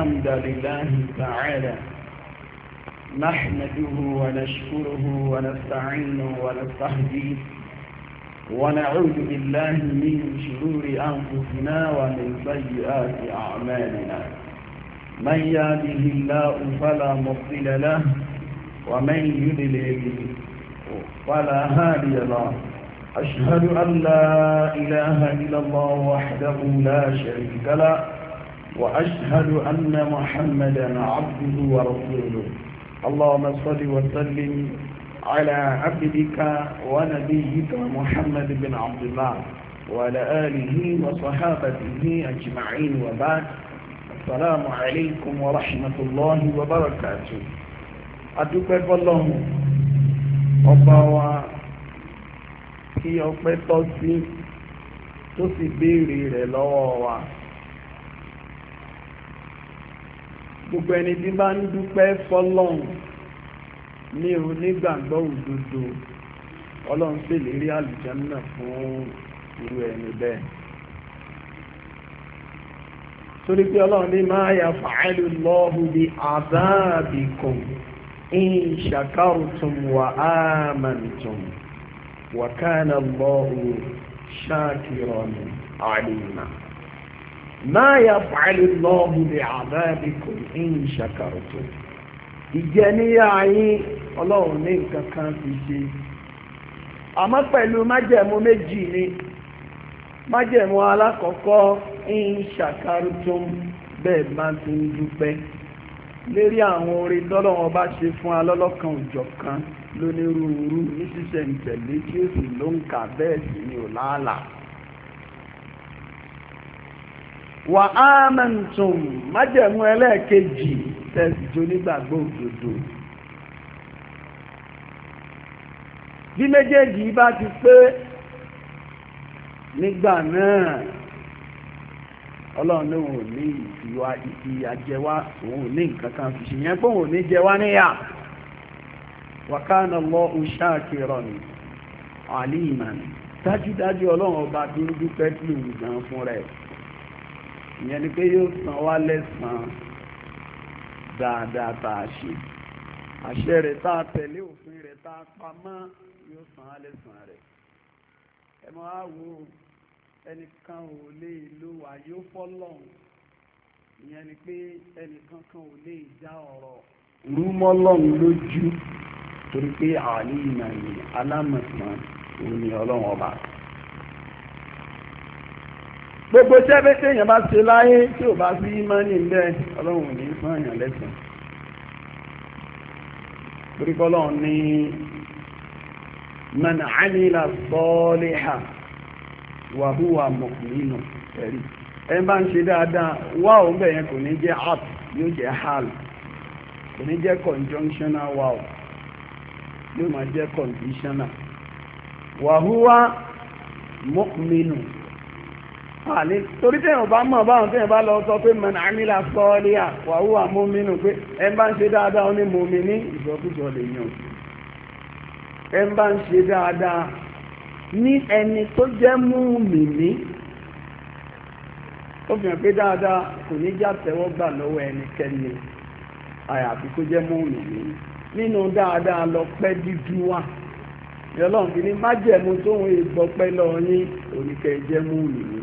الحمد لله تعالى نحمده ونشكره ونستعينه ونستهديه ونعوذ بالله من شرور أنفسنا ومن سيئات أعمالنا من يهده الله فلا مضل له ومن يضلل فلا هادي له أشهد أن لا إله إلا الله وحده لا شريك له وأشهد أن محمدا عبده ورسوله اللهم صل وسلم على عبدك ونبيك محمد بن عبد الله وعلى آله وصحابته أجمعين وبعد السلام عليكم ورحمة الله وبركاته أدوكي الله أبوا كي أفضل tó sì béèrè rẹ̀ lọ́wọ́ wa gbogbo ẹni tí bá ń dúpẹ́ fọ́lọ́hun ní onígbàgbọ́ òdodo ọlọ́run ṣèlérí àlùjánnà fún irú ẹni bẹ́ẹ̀ torí pé ọlọ́run ní máa yà fàáìlú lọ́hùn bí àdáàbìkùn in ṣàkárùtùm wà ámàntùm wà kánà lọ́hùn ṣáàkìrọ̀nù àlìmà. ما يفعل الله بعذابكم إن شكرتم ìjẹniyà yín ọlọ́run ní nǹkan kan fi ṣe àmọ́ pẹ̀lú májẹ̀mú méjì ni májẹ̀mú alákọ̀ọ́kọ́ ń ṣàkárùtò bẹ́ẹ̀ bá ti ń dúpẹ́ lérí àwọn orin tọ́lọ́wọ́n ọba ṣe fún alọ́lọ́kan òjọ̀kan lónírúurú ní ṣíṣẹ̀ǹtẹ̀lé tí ó sì ló ń kà bẹ́ẹ̀ ni ò wà ámẹ́ntùm májẹ̀mú ẹlẹ́ẹ̀kejì tẹ̀síjó nígbàgbọ́ òdodo bí méjèèjì bá ti pé nígbà náà ọlọ́run lóun ò ní ìfìwà ìfìyàjẹwà òun ò ní nǹkan kan fi ṣìyẹn pé òun ní jẹwà níyà wàkánà lọ ṣáàkìrọ̀ ni àlìmọ̀ dájúdájú ọlọ́run ọba dúró dúpẹ́ lòun gan fún rẹ̀ ìyẹn ni pé yóò san wá lẹ́sàn-án dáadáa tá a ṣe àṣẹ rẹ̀ tá a tẹ̀lé òfin rẹ̀ tá a pa mọ́ yóò san á lẹ́sàn-án rẹ̀ ẹ máa wo ẹnìkan ò lè lo àyè fọlọ́hún ìyẹn ni pé ẹnìkan kan ò lè já ọ̀rọ̀ rúmọ́lọ́hún lójú torí pé àlè ìmọ̀ ni alámọ̀sán òun ni ọlọ́run ọba gbogbo iṣẹ́ bí téèyàn bá ṣe láyé tí ò bá sí ìmánì ńlẹ̀ ọlọ́run ò ní fún èèyàn lẹ́sìn torí kọ́lọ́run ní man amila saliha wa huwa mu'minu ẹ̀rí ẹ bá ń ṣe dáadáa wá òun bẹ̀ yẹn kò ní jẹ́ app yóò jẹ́ hal kò ní jẹ́ conjunctional wow yóò máa jẹ́ conditional wa huwa àlè torí tẹ́yàn bá mọ̀ báwọn tẹ́yàn bá lọ sọ pé mọ̀nà àmìlà sọ́ọ́lì àwọ̀ àmúmínú pé ẹ bá ń ṣe dáadáa ó ní mọ̀mí ní ìsọkúsọ lè yàn ẹ bá ń ṣe dáadáa ní ẹni tó jẹ́ mọ̀mí ní ó fi hàn pé dáadáa kò ní já tẹ́wọ́ gbà lọ́wọ́ ẹnikẹ́ni àyàfi kó jẹ́ mọ̀mí ní nínú dáadáa lọ pẹ́ dídú wà ìrọ̀lọ́run ní májẹ̀mú tóun èèbọ̀pẹ́ lọ yín oníkẹ́ jẹ́ mọ̀mí ní.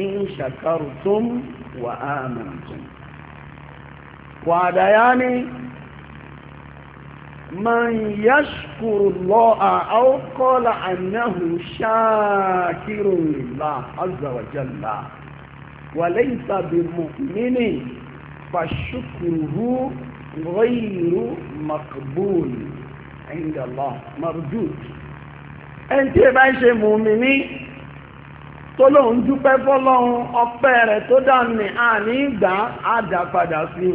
إن شكرتم وآمنتم يعني من يشكر الله أو قال أنه شاكر لله عز وجل وليس بمؤمن فشكره غير مقبول عند الله مردود أنت شيء مؤمنين tó dúpẹ́ fọ́lọ́run ọpẹ́ rẹ̀ tó dání àní ìgbà á sí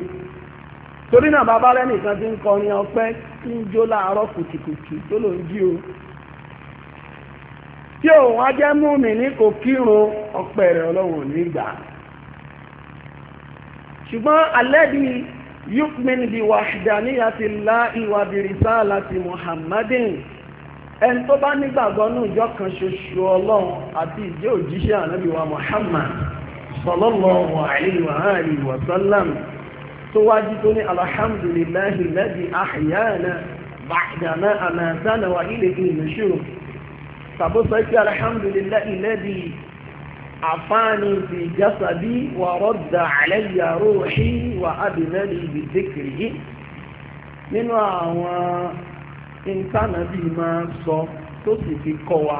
torí náà bàbá lẹ́nìkan ti ń kọrin ọpẹ́ tí ń jó láàárọ̀ kùtùkùtù tó lóun jí o tí òun á mi ní kò kírun ọpẹ́ rẹ̀ ọlọ́run ṣùgbọ́n alẹ́ bí yukmin wàhídà Muhammadin. ẹni tó bá nígbàgbọ́ ní ìjọ kan ṣoṣo ọlọ́run àti ìjẹ́ òjíṣẹ́ ànábì wa Muhammad sallallahu alaihi wa alihi wa sallam tó wájú tó ní alhamdulillahi alladhi ahyana ba'dama amatana wa ilayhi nushur tàbó sọ pé alhamdulillahi alladhi afani fi jasadi wa radda alayya nínú àwọn ìtànàbí máa sọ tó sì fi kọ́ wa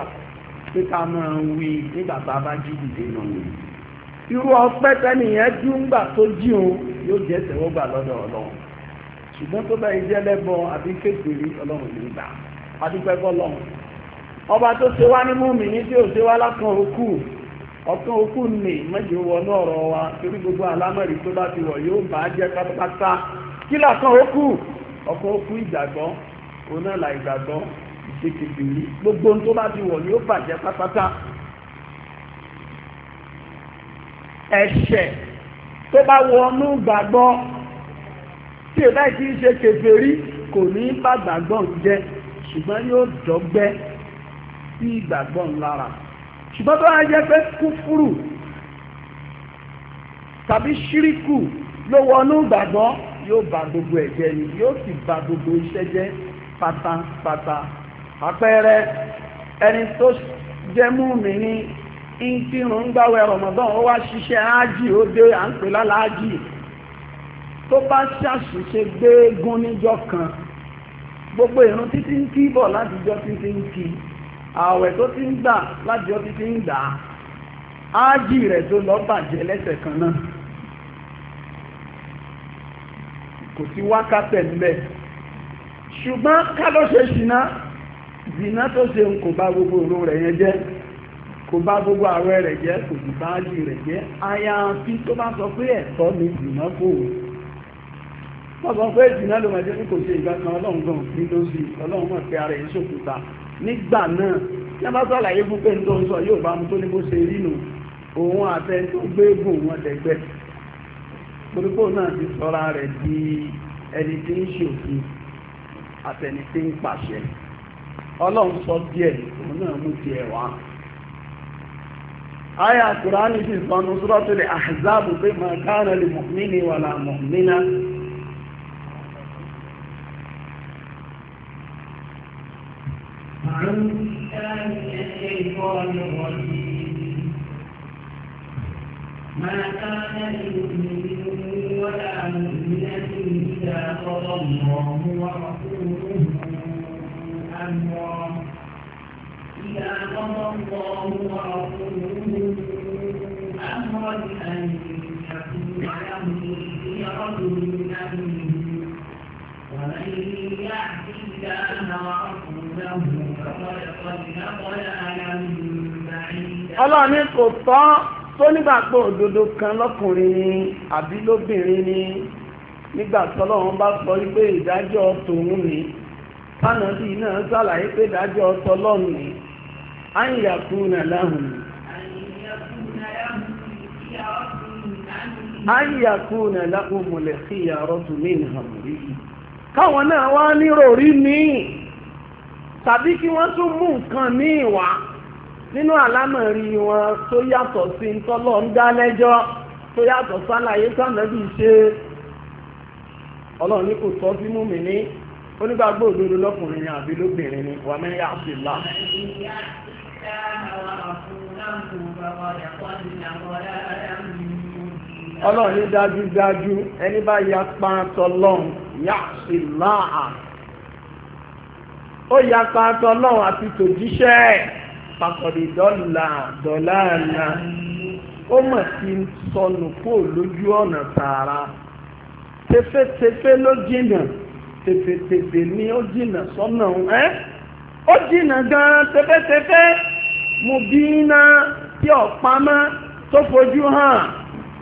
pé ká máa wí nígbà tá a bá jí dìde náà wí. irú ọpẹ́ tẹ́nìyẹn dúngbà tó jí òun yóò jẹ́ tẹ̀wọ́gbà lọ́dọ̀ ọlọ́run ṣùgbọ́n tó bá ìjẹ́ lẹ́bọ àbí kékeré ọlọ́run ní gbà adúpẹ́ bọ́lọ́run ọba tó ṣe wá ní tí ò ṣe wá lákan òkú ọ̀kan òkú nì mẹ́jọ wọnú ọ̀rọ̀ wa torí gbogbo àlámọ̀rí tó bá ti wọ̀ yóò bá jẹ́ pátápátá kí làkan òkú ọ̀kan òkú ìgbàgbọ́ òun náà là ìgbàgbọ́ ìṣèkèkè yìí gbogbo ohun tó bá ti wọ̀ ni ó bàjẹ́ pátápátá ẹ̀ṣẹ̀ tó bá wọnú gbàgbọ́ tí ò láì tí ń ṣe kèfèrí kò ní bá gbàgbọ́ jẹ́ ṣùgbọ́n yóò dọ́gbẹ́ sí ìgbàgbọ́ lára ṣùgbọ́n tó wá jẹ́ pé kúfúrù tàbí ṣíríkù ló wọnú gbàgbọ́ yóò bà gbogbo ẹ̀jẹ̀ ni yóò sì bà gbogbo iṣẹ́ jẹ́ pátápátá àpẹẹrẹ ẹni tó jẹ́ múmi ní ìkírun ń gbáwẹ̀ Ramadan ó wá ṣiṣẹ́ ájì ó dé à ń pè lálàájì tó bá ṣàṣìṣe gbé gún níjọ́ kan gbogbo ìrun títí ń kí bọ̀ látijọ́ títí ń kí ààwẹ̀ tó ti ń gbà látijọ́ títí ń gbà ájì rẹ̀ tó lọ bàjẹ́ lẹ́sẹ̀ kan náà kò sí wákàtẹ̀ ńbẹ̀ ṣùgbọ́n ká ló ṣe ṣìná zìná tó ṣe ń kò bá gbogbo òru rẹ̀ yẹn jẹ́ kò bá gbogbo àwẹ̀ rẹ̀ jẹ́ kò sì bá jì rẹ̀ jẹ́ àyàfi tó bá sọ pé ẹ̀tọ́ ni zìná kò wò wọ́n sọ pé zìná ló máa jẹ́ ní kò ṣe ìgbà kan ọlọ́run gan ní ló sì ọlọ́run mọ̀ pé ara ẹ̀ ṣòkúta nígbà náà tí a bá sàlàyé fún pé nítorí sọ yóò bá mu tó ní bó ṣe rí nù àtẹni tí ń pàṣẹ ọlọ́run sọ díẹ̀ òun náà mú ti ẹ̀ wá aya kùránì sì sọnù suratul ahzab pé ma kana lil mu'mini wala mu'mina أعوذ بالله من الشيطان الرجيم ما كان لمؤمن ولا مؤمنة إذا قضى الله ورسوله أمرا إذا قضى الله ورسوله أمرا أن يكون لهم خيرة من أمرهم ومن يعص الله ورسوله فقد ضل ضلالا بعيدا. tó nígbàgbọ́ òdodo kan lọ́kùnrin ni àbí lóbìnrin ni nígbà bá sọ wípé ìdájọ́ tòun ni fánàbí náà sàlàyé pé ìdájọ́ tọ́lọ́run ni àyìnyàkú nà ni. àyìnyàkú nà láhùn mọ̀lẹ́ sí ní ya káwọn náà wá nírò rí tàbí kí wọ́n tún mú nǹkan míì wá. nínú àlámọ̀rí wọn tó yàtọ̀ sí ntọ́lọ́ ń dá lẹ́jọ́ tó yàtọ̀ sálàyé sànàbí ṣe ọlọ́run ní kò tọ́ sí múmi ní onígbàgbọ́ òdodo lọ́kùnrin ni àbí lóbìnrin ni wà mẹ́rin àṣìlá. ọlọ́run ní dájúdájú ẹni bá ya pàǹtọ̀ lọ́hùn yàṣìlá ó ya pàǹtọ̀ lọ́hùn àti tòjíṣẹ́ ẹ̀. pàtàkì dọ́là dọ́là ẹ̀nà ó mọ̀ sí sọnù kó lójú ọ̀nà tààrà tefetefe ló jìnnà tefetefe ni ó jìnnà sọ́nà ẹ́ ó jìnnà gan-an tefetefe mo bí iná tí ọ̀pá mọ́ tó fojú hàn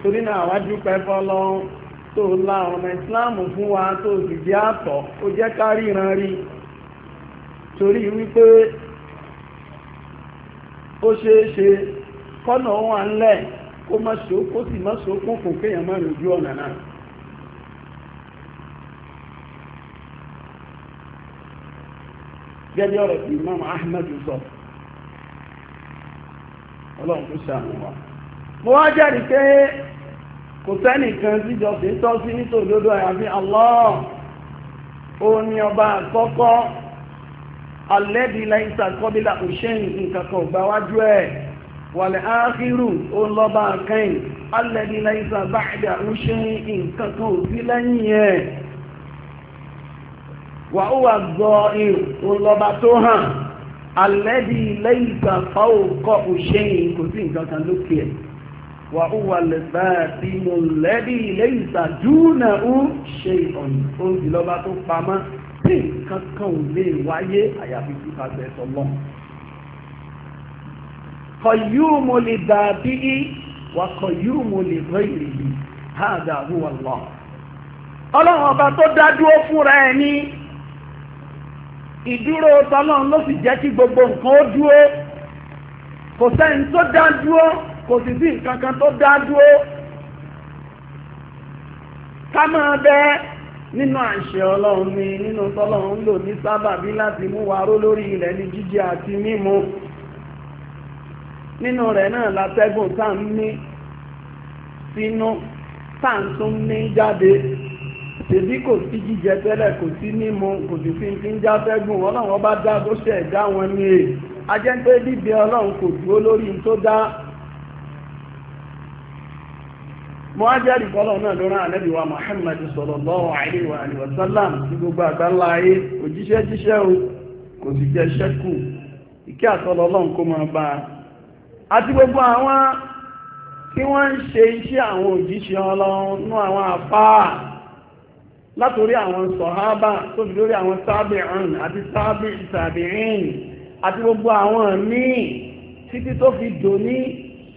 torí náà àwájú pẹ́ fọlọ́run tó la ọ̀nà ìsìláàmù fún wa tó sì jẹ́ àtọ̀ ó jẹ́ ká ríran rí torí wípé ó ṣeé ṣe kọ́nà wà ńlẹ̀ kó má so kó sì má so kún fún kéèyàn má lójú ọ̀nà náà gẹ́gẹ́ ọ̀rọ̀ tí Imam Ahmed sọ ọlọ́run tó ṣàmù wa mo wá jẹ́rìí pé kò sẹ́nìkan síjọ sí tọ́ àyàfi Allah ó ni ọba àkọ́kọ́ alẹ́bí láìsà kọ́bílà òṣèyìn nǹkankan gbáwájú ẹ̀ wàlẹ̀ áàkírù ó ń lọ́ba kẹ́yìn alẹ́bí láìsà báàdà òṣèyìn nǹkankan òbí lẹ́yìn ẹ̀ wà ó wà gbọ́ irù ó ń lọ́ba tó hàn alẹ́bí láìsà fáwọ́ kọ́ òṣèyìn kò sí nǹkankan lókè ẹ̀ wà ó wà lẹ́bàtí mo lẹ́bí láìsà dúnà ó ṣe ìrọ̀lù ó ń lọ́ba tó pamọ́ tí kankan ò lè wáyé àyàfi tí ká bẹ̀ sọlọ́n kọ̀yúùmù lè dàbí wà kọ̀yúùmù lè rọ ìrìlì hàdà huwa Allah ọlọ́run ọba tó dádúró fúnra ẹ̀ ní ìdúró tọ́lọ́run ló sì jẹ́ kí gbogbo nǹkan ó dúró kò sẹ́ni tó kò sì sí nǹkan kan tó ká máa nínú àṣẹ ọlọ́run ni nínú tọ́lọ́run lò ní sábàbí láti mú wa ró lórí ilẹ̀ ní jíjẹ àti mímu nínú rẹ̀ náà látẹ́gùn tá ń ní sínú tá ń tún ní jáde tèbí kò sí jíjẹ tẹ́lẹ̀ kò sí mímu kò sì fi fi ń játẹ́gùn ọlọ́run ọba dá tó ṣẹ̀ dá wọn ní e ajẹ́ńtẹ́ bíbi ọlọ́run kò dúró lórí tó dá mo á jẹ́rìí fọ́lọ̀ náà ló rán ànábì wa Muhammad sallallahu alaihi wa alihi wa sallam tí gbogbo àgbáńlá ayé òjíṣẹ́ jíṣẹ́ o kò sì jẹ́ ṣẹ́kù ìkẹ́ àtọ́lọ́ ọlọ́run kó máa bá a àti gbogbo àwọn tí wọ́n ń ṣe iṣẹ́ àwọn òjíṣẹ́ ọlọ́run nú tó fi lórí àwọn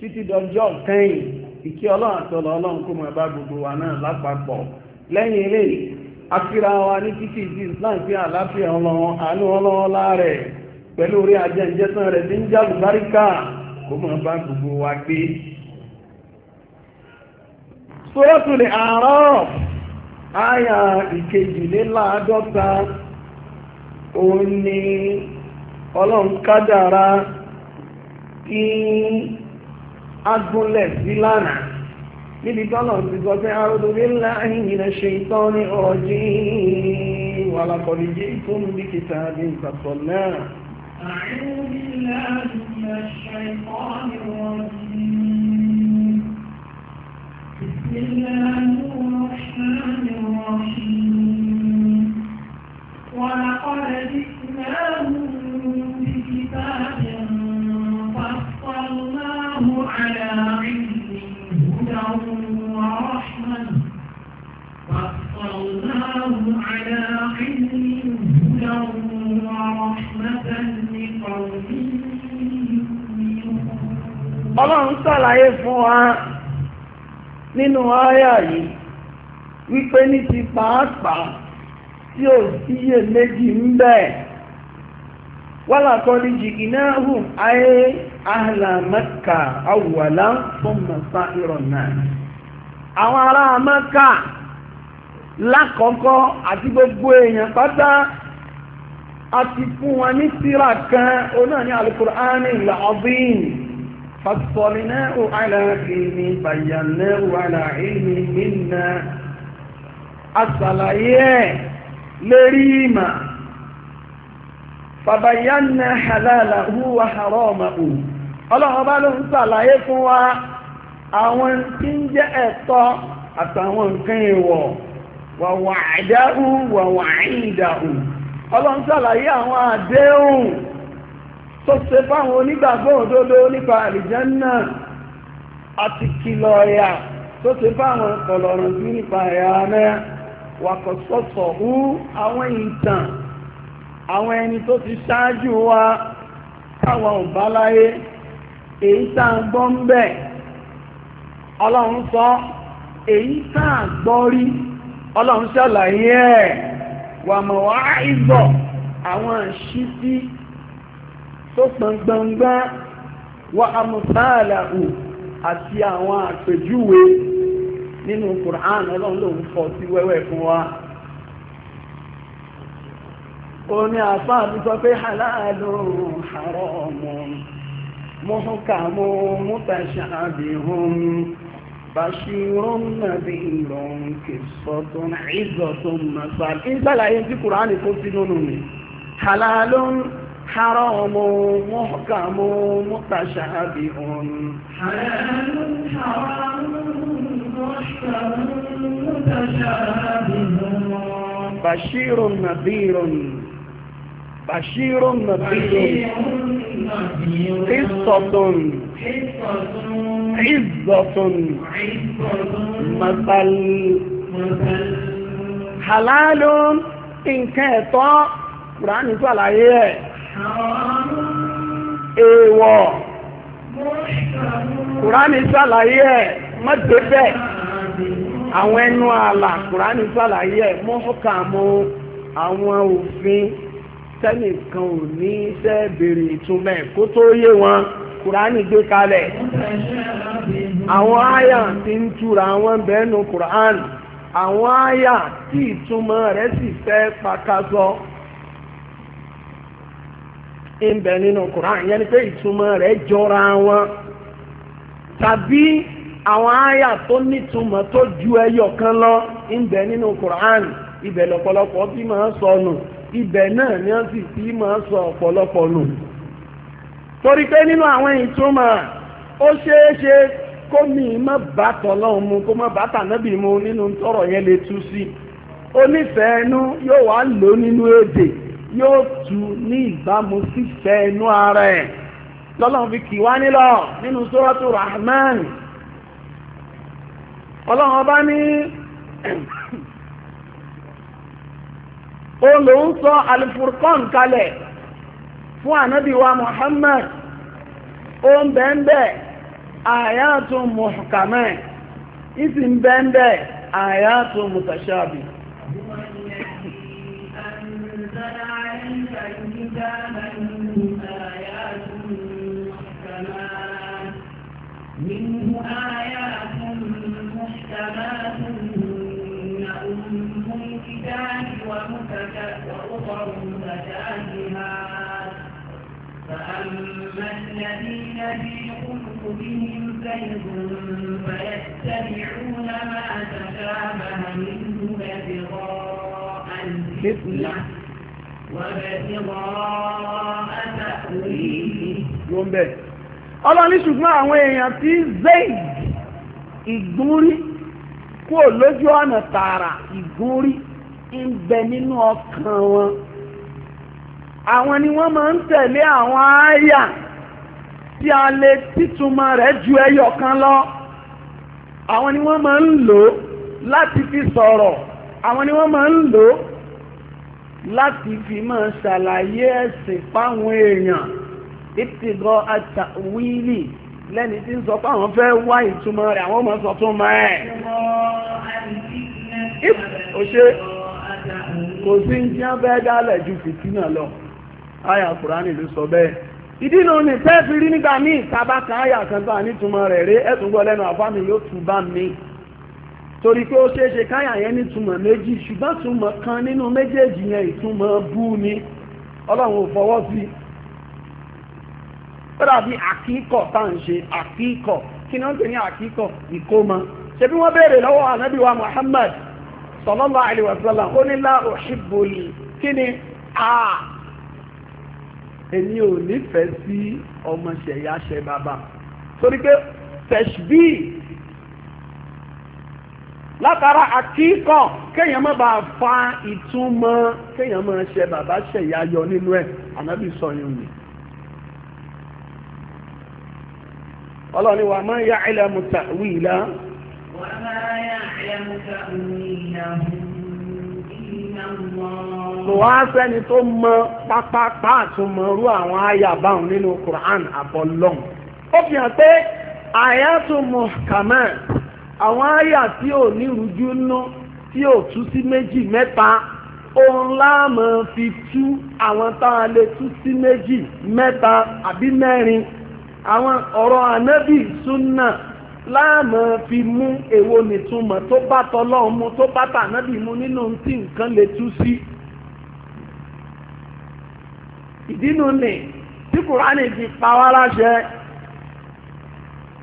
títí dọjọ́ kẹ́yìn ìkí ọlọ́run atọla ọlọ́ ọlọ́run kó gbogbo wa náà lápapọ̀ lẹ́yìn eléyìí akíra wa ní títí ìdí islam fi àlàáfíà ọlọ́run àánú ọlọ́run láàrẹ̀ pẹ̀lú orí ajẹ́njẹ́sán rẹ̀ tí ń gbogbo wa gbé. suratul A'raf àyà ìkejìléláàádọ́ta òun ni ọlọ́run kí agúnlẹ̀ sí lánàá níbi tọ́lọ̀ ti sọ pé a'udhu billahi minash shaitani rajim wa laqad ji'tum bi kitabin fasalnah a'udhu billahi minash shaitani rajim bismillahir rahmanir rahim الله على Ọlọ́run ṣàlàyé fún wa nínú àyà yìí wípé ní ti pàápàá tí ò síyè méjì ń bẹ̀. Wọ́lá kọ́lí jìgì náà hùn ayé àhàlà Mẹ́kà àwùwàlá fún Mẹ́sà ìrọ̀nà. Àwọn ará Mẹ́kà lákọ̀ọ́kọ́ àti gbogbo èèyàn pátá a ti fún wọn ní tírà kan onáà ní alukur'ani la'azim fasọ̀lìnẹ́hù aláàfíìní bàyànẹ́hù minna asàlàyé ẹ̀ lérí ìmà fàbàyánà halalahu wa haramahu ọlọ́run bá ló ń sàlàyé àwọn tí ń jẹ́ ẹ̀tọ́ wàwà àdáhù wàwà ìdáhù ọlọ́run sàlàyé àwọn àdéhùn tó ṣe fáwọn onígbàgbọ́ òdodo nípa àlìjẹ́nà àti kìlọ̀ ẹ̀yà tó ṣe fáwọn ọ̀lọ́run sí nípa ẹ̀yà náà wàkọ̀sọ̀sọ̀ hú àwọn ìtàn àwọn ẹni tó ti ṣáájú wa táwọn ò èyí tá à ń gbọ́ ń bẹ̀ ọlọ́run sọ èyí tá à gbọ́ rí ọlọ́run ṣàlàyé ẹ̀ wà mọ̀ wá ìzọ̀ àwọn ìṣítí tó pọ̀ngbọ̀ngbá wà àmùsáàlàhù àti àwọn àpèjúwe nínú Qur'an ọlọ́run lòun fọ́ sí wẹ́wẹ́ fún wa oní àfáà ti sọ pé halálù haramun muhkamu mutashabihun بشير نذير قصة عزة مثال إن بلا ينزي قرآن قصي نوني حلال حرام محكم متشابه حلال حرام محكم متشابه بشير نذير bàṣírò nàbíyò ìsọ̀tún ìzọ̀tún mọ̀tàlì halálò nǹkan ẹ̀tọ́ kùránì tó àlàyé ẹ̀ èèwọ̀ kùránì tó àlàyé ẹ̀ mọ́tẹ́fẹ́ àwọn ẹnu àlà kùránì tó àlàyé ẹ̀ mọ́fọ́kàmù àwọn òfin tẹ́nìkan ò ní iṣẹ́ béèrè ìtumọ̀ kó tó yé wọn kùránì gbé kalẹ̀ àwọn àyà ti ń tura àwọn bẹ́ẹ̀nu kùránì àwọn àyà tí ìtumọ̀ rẹ̀ sì fẹ́ pakasọ ń bẹ nínú kùránì yẹn ni pé ìtumọ̀ rẹ̀ jọra wọn tàbí àwọn ju ẹyọ lọ ń bẹ nínú kùránì ibẹ̀ bí ibẹ̀ náà ni wọ́n sì ti máa sọ ọ̀pọ̀lọpọ̀ nù torí pé nínú àwọn ìtumọ̀ ó ṣeéṣe kó mi má bá tọ́lọ́hún mu kó má bá tànábì mu nínú tọrọ yẹn lè tú sí onífẹ̀ẹ́ inú yóò wá lò nínú èdè yóò tù ní ìbámu sífẹ́ inú ara ẹ̀ lọ́lọ́run fi kì wá nílọ nínú sóràtù Rahman ọlọ́run ọba ní. olóhùn sọ alifurkan kalẹ̀ fún wa Muhammad ó ń bẹ́ńbẹ́ àyàtún muhkamẹ́ ìsì ń bẹ́ńbẹ́ mutashabi. وأخر متشابهات فأما الذين في قلوبهم زيغ فيتبعون ما تشابه منه ابتغاء الفتنة وابتغاء تأويله àwọn èèyàn tí ìgúnrí lójú ọ̀nà tààrà ìgúnrí ń bẹ nínú ọkàn wọn àwọn ni wọ́n máa ń tẹ̀lé àwọn àyà tí a lè títúmọ̀ rẹ̀ ju ẹyọ kan lọ àwọn ni wọ́n máa ń lò láti fi sọ̀rọ̀ àwọn ni wọ́n máa ń lò láti fi máa ṣàlàyé ẹ̀sìn fáwọn èèyàn ìtìgọ́ àtàwílì lẹ́ni tí ń sọ pé àwọn fẹ́ wá ìtumọ̀ rẹ̀ àwọn ọmọ sọ tún mọ́ ẹ̀. ó ṣe kò sí tí wọ́n fẹ́ dálẹ̀ ju fìtínà lọ àyà kùránì ló sọ bẹ́ẹ̀ ìdí nu ni fẹ́ fi rí nígbà míì sábà kan àyà kan tó ànítumọ̀ rẹ̀ rí ẹ̀sùn gbọ́ lẹ́nu àfáà mi yóò tún bá mi torí pé ó ṣeé ṣe káyà yẹn ní túmọ̀ méjì ṣùgbọ́n túmọ̀ kan nínú méjèèjì yẹn ìtumọ̀ bú ni ọlọ́run ò fọwọ́ sí ó dàbí àkíkọ̀ tá à ń ṣe àkíkọ̀ kí ni wọ́n ń pè ní àkíkọ̀ ìkómọ ṣebí sallallahu alaihi wasallam ó ní láàrọ̀ ṣíbòlì kí ni a èmi ò nífẹ̀ẹ́ sí ọmọ ṣẹ̀yà ṣẹ bàbá torí pé tẹ̀síbí látara àkíkọ̀ kéèyàn má bàa fa ìtumọ̀ kéèyàn má ṣẹ bàbá ṣẹ̀yà yọ nínú ẹ̀ ànábì sọ yẹn ọlọ́ni wa máa ń yá ilẹ̀ mùtàwí ìlà. wàá máa yá lọ́wọ́ sẹ́ni tó mọ pápápá àtúmọ̀rú àwọn ayàbáhùn nínú Quran àbọ̀lọ́n ó fi hàn pé àyàtúmọ̀ kàmẹ́ àwọn àyà tí ò ní rújú nú tí ò tú sí méjì mẹ́ta òun láàmú fi tú àwọn tá a lè tú sí méjì mẹ́ta àbí mẹ́rin àwọn ọ̀rọ̀ ànábì súnà láàmú fi mú èwo nìtumọ̀ tó bá tọlọ́run mu tó bá tànábì mu nínú tí nǹkan lè tú sí. ìdínú ni tí kùránì fi pa wá láṣẹ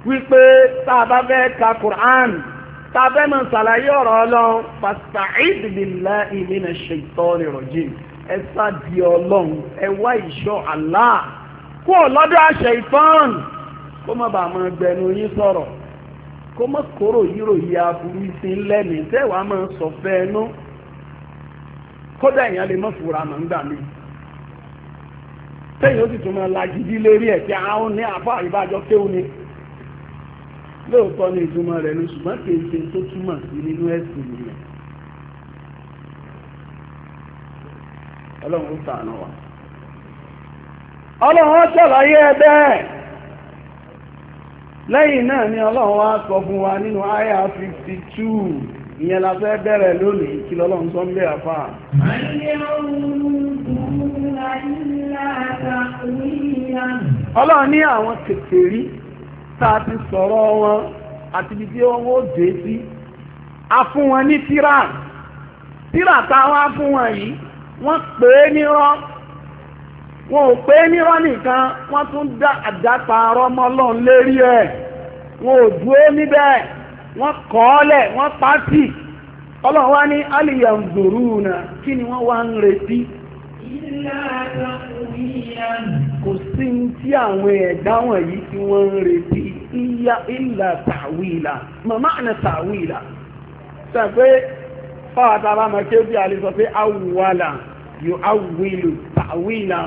wípé tá a bá fẹ́ ka kùránì tá a fẹ́ mọ̀ ṣàlàyé ọ̀rọ̀ ọlọ́run fasta'id billahi minash shaitani rajim ẹ sá di ọlọ́run ẹ wá ìṣọ́ Allah kó lọ́dọ̀ àṣẹ ìtọ́n kó má bàa máa gbẹnu yín sọ̀rọ̀ kó mọ́ kóró yíró yìí aburú sí lẹ́nu tẹ́wàá máa sọ fẹ́ẹ́ nú kódà èèyàn lè mọ́ fura mọ́ ńgbà mi tẹ́yìn ó sì tún máa lagidi lérí ẹ̀ tí àwọn ní àbá ìbájọ́ kéwù ni lóòótọ́ ní ìtumọ̀ rẹ̀ ní ṣùgbọ́n kì í ṣe tó túmọ̀ sí nínú ẹ̀sìn rẹ̀ ọlọ́run ó sàánú wa ọlọ́run ó ṣàlàyé ẹ bẹ́ẹ̀ lẹ́yìn náà ni ọlọ́run wá sọ fún wa nínú àyà 52 ìyẹn la fẹ́ bẹ̀rẹ̀ lónìí kí lọ́lọ́run sọ ń bẹ̀ àfà ọlọ́run ní àwọn kèfèrí tá a ti sọ̀rọ̀ wọn àti ibi tí wọ́n ó dé sí a fún wọn ní tíra tíra táwọn á fún wọn yìí wọ́n pè é nírọ́ wọn ò pé nírọ́ nìkan wọ́n tún dá àdáparọ́ mọ́lọ́n lérí ẹ̀ wọn ò dúró níbẹ̀ wọ́n kọ́ ọ́ lẹ̀ wọ́n pàtì ọlọ́run wá ní aliyan nà kí ni wọ́n wá ń retí. kò sí ní tí àwọn ẹ̀dá wọ̀nyí tí wọ́n ń retí ìyá ìlà tàwílà màmá àna tàwílà fáwọn àtàwọn sọ pé awùwàlà yóò awùwìlù tàwílà.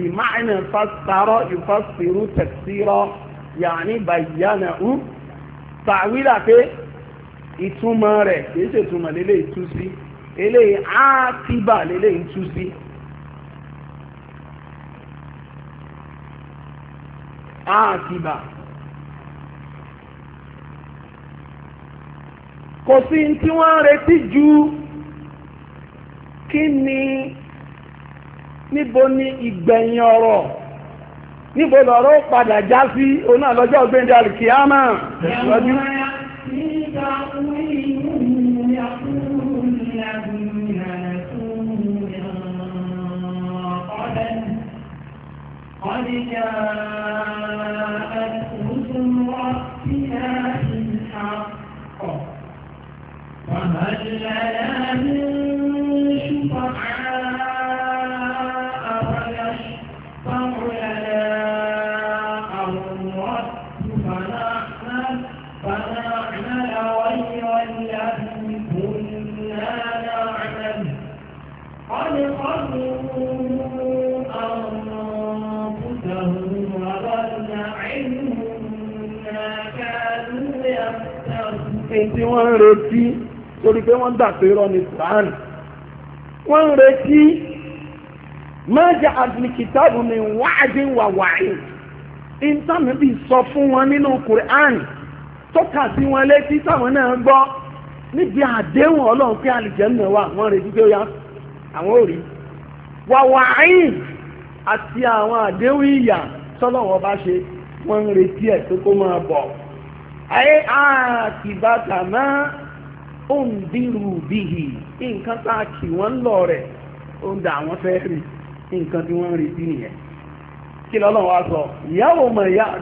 بمعنى فسر يفسر تفسيرا يعني بيانه تعويلا pé ìtumọ̀ rẹ̀ kìí ṣe ìtumọ̀ lélẹ̀ ìtúsí eléyìí áàtìbà lélẹ̀ ìtúsí. áàtìbà kò sí tí wọ́n ń retí ju kí ni níbo ni ìgbẹ̀yìn ọ̀rọ̀ níbo lọ̀rọ̀ padà já sí oná lọ́jọ́ ọgbẹ́ndẹ̀ alìkìyàmà lọ́jú wọ́n ń retí torí pé wọ́n gbà pé irọ́ ni wọ́n ń retí mẹ́jà àdìkìtàbù ni wáàdí wà wáyé intanẹ́tì sọ fún wọn nínú Quran tọ́ka sí wọn létí táwọn náà gbọ́ níbi àdéhùn ọlọ́run pé náà wà wọ́n retí pé ó àwọn ò rí wà wáyé àti àwọn àdéhùn ìyà tọ́lọ́wọ́ bá ṣe wọ́n ń retí ẹ̀ tó kó máa bọ̀. ayé àkìbàtà máa ń dìrù bìhì nǹkan tá a kì wọ́n lọ rẹ̀ ó ń da àwọn rí nǹkan tí wọ́n retí nìyẹn kí lọ́lọ́ wa sọ ìyàwó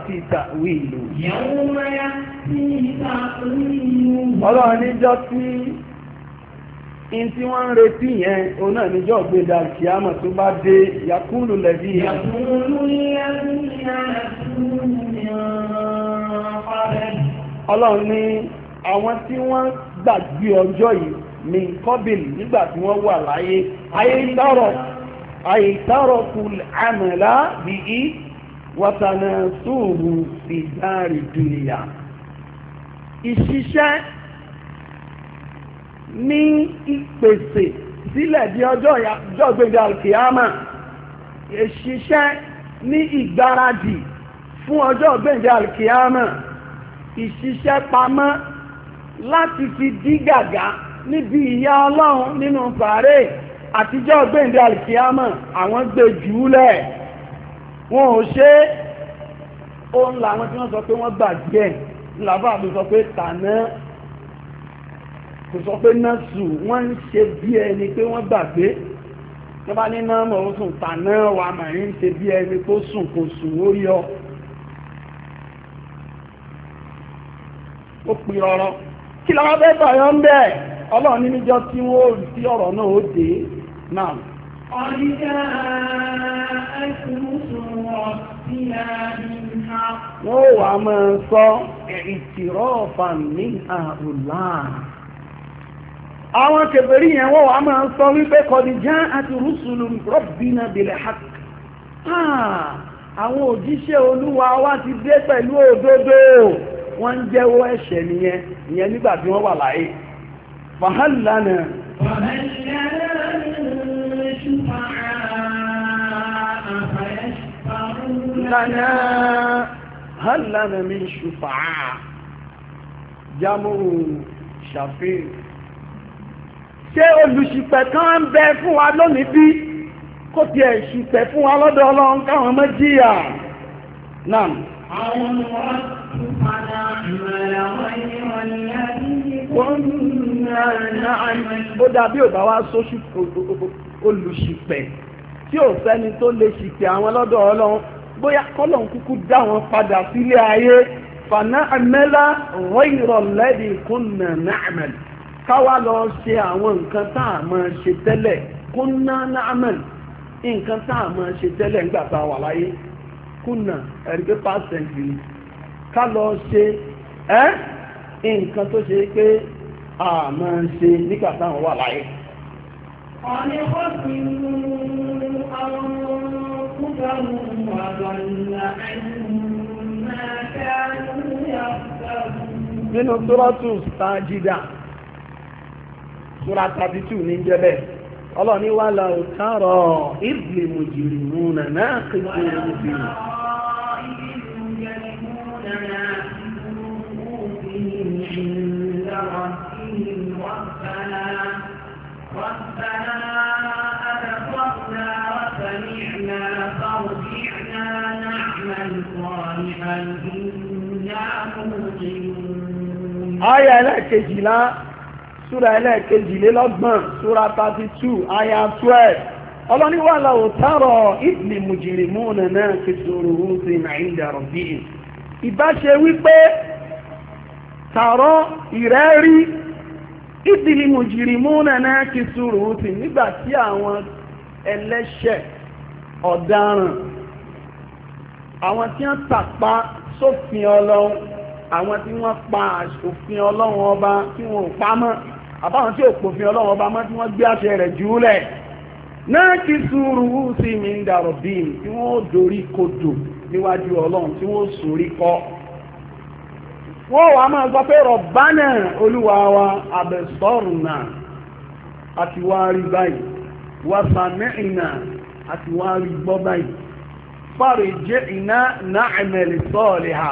ti ta wíìlù. ìyàwó mọ̀ ti ta wíìlù. ọlọ́run níjọ́ tí in tí wọ́n ń retí yẹn òun náà níjọ́ gbéra kíámọ̀ tó bá dé yakulu lẹ́bí yẹn. ọlọ́run ní àwọn tí wọ́n gbàgbé ọjọ́ yìí ní kọ́bìlì nígbà tí wọ́n wà láyé àìtárọ̀ kù àmàlà bí i wàtànà sóòrù ìdárì dùnìyà ìṣiṣẹ́ ní ìpèsè sílẹ̀ di ọjọ́ ìjọgbẹ̀dẹ̀ alkiyama ìṣiṣẹ́ ní ìgbáradì fún ọjọ́ ìgbẹ̀dẹ̀ alkiyama ìṣiṣẹ́ pamọ́ láti fi dí gàgá níbi ìyá ọlọ́run nínú sàárè àtijọ́ gbèǹdé àlìkíámọ̀ àwọn gbé jùúlẹ̀ wọn ò ṣe é ó ń la àwọn tí wọ́n sọ pé wọ́n gbàgbé ẹ̀ làbá àbí sọ pé tàná kò sọ pé nọ́ọ̀sù wọ́n ń ṣe bí ẹni pé wọ́n gbàgbé tó bá ní náà mọ̀ ó sùn tàná wà mà ń ṣe bí ẹni tó sùn kò sùn ó yọ ó pin rọrọ kí lọ́wọ́ bẹ́ẹ̀ ya yọ ń bẹ̀ ọlọ́run ní níjọ́ tí wọ́n ò sí ọ̀rọ̀ náà ó dé náà. ọ̀díjà ẹ̀kúnṣùn ọ̀síyà nìyà. wọ́n ò máa sọ ìtìrọ̀ ọ̀fà ní àrùlá. àwọn kèfèrí yẹn wọ́n wà máa sọ wípé kọ̀díjà àti rọ́bìnà bìlẹ̀ hàk àwọn òjíṣẹ́ olúwa wa ti dé pẹ̀lú òdodo. wọ́n ń jẹ́wọ́ ẹ̀ṣẹ̀ nìyẹn ìyẹn nígbà tí wọ́n wà láyé fàhálànà hálànà mi ṣùfàá jámúrù ṣàfihàn ṣé olùṣìpẹ̀ kan ń bẹ fún wa lónìí bí kó ti ẹ̀ ṣìpẹ̀ fún wa lọ́dọ̀ ọlọ́run káwọn mọ́ náà ó dàbí ò bá wá sóṣù olùṣìpẹ̀ tí ò sẹ́ni tó lè ṣìpẹ̀ àwọn lọ́dọ̀ ọlọ́run bóyá kọ́lọ̀ kúkú dá wọn padà sílé ayé fàná àmẹ́lá rọ́ìrọ̀ lẹ́dí kúnnà nàmẹ́l káwá lọ ṣe àwọn nǹkan tá a máa ṣe tẹ́lẹ̀ kúnnà nàmẹ́l nǹkan tá a máa ṣe tẹ́lẹ̀ ńgbà tá a wà láyé kúnnà ẹ̀rí pé pásẹ̀ǹtì ni. ká lọ ṣe ẹ́ nǹkan tó ṣe pé a máa ń ṣe nígbà táwọn wà láyé. nínú sóràtù sájídà sóra tàbí ní jẹ́bẹ̀ ọlọ́ni wà láwù tààrọ̀ ìbìlì mú nà náà kìí ربنا بذنوبهم عند ربهم ربنا ربنا أبصرنا وسمعنا فارجعنا نعمل صالحا إنا موقنون آية لا كجلا súra ẹlẹ́ẹ̀kejìlélọ́gbọ̀n súra thirty two aya twelve ọlọ́ni wà láwùtárọ̀ ìdìmùjìrìmù nànà fi sòrò hùsìn àìdàrọ̀ bíi ìbáṣe wípé tààrọ ìrẹ́rí ìdìlì mùjìrìmú nàná kí sùúrù tì nígbà tí àwọn ẹlẹ́ṣẹ̀ ọ̀daràn àwọn tí wọ́n tàpá sófin ọlọ́run àwọn tí wọ́n pa òfin ọlọ́run ọba tí wọ́n ò pa àbáwọn tí ò pòfin ọlọ́run ọba mọ́ tí wọ́n gbé àṣẹ rẹ̀ jùúlẹ̀ náà kí sùúrù sí mi ń bíi tí wọ́n ò níwájú ọlọ́run tí wọ́n sorí kọ́ wọ́n wà máa gbọ́ pé rọ̀bánà olúwa wa àbẹ̀sọ́rùnà àti wá rí báyìí wà sàmìnà àti wá rí gbọ́ báyìí fàrèjé iná náàmẹ̀lì sọ́ọ̀lì ha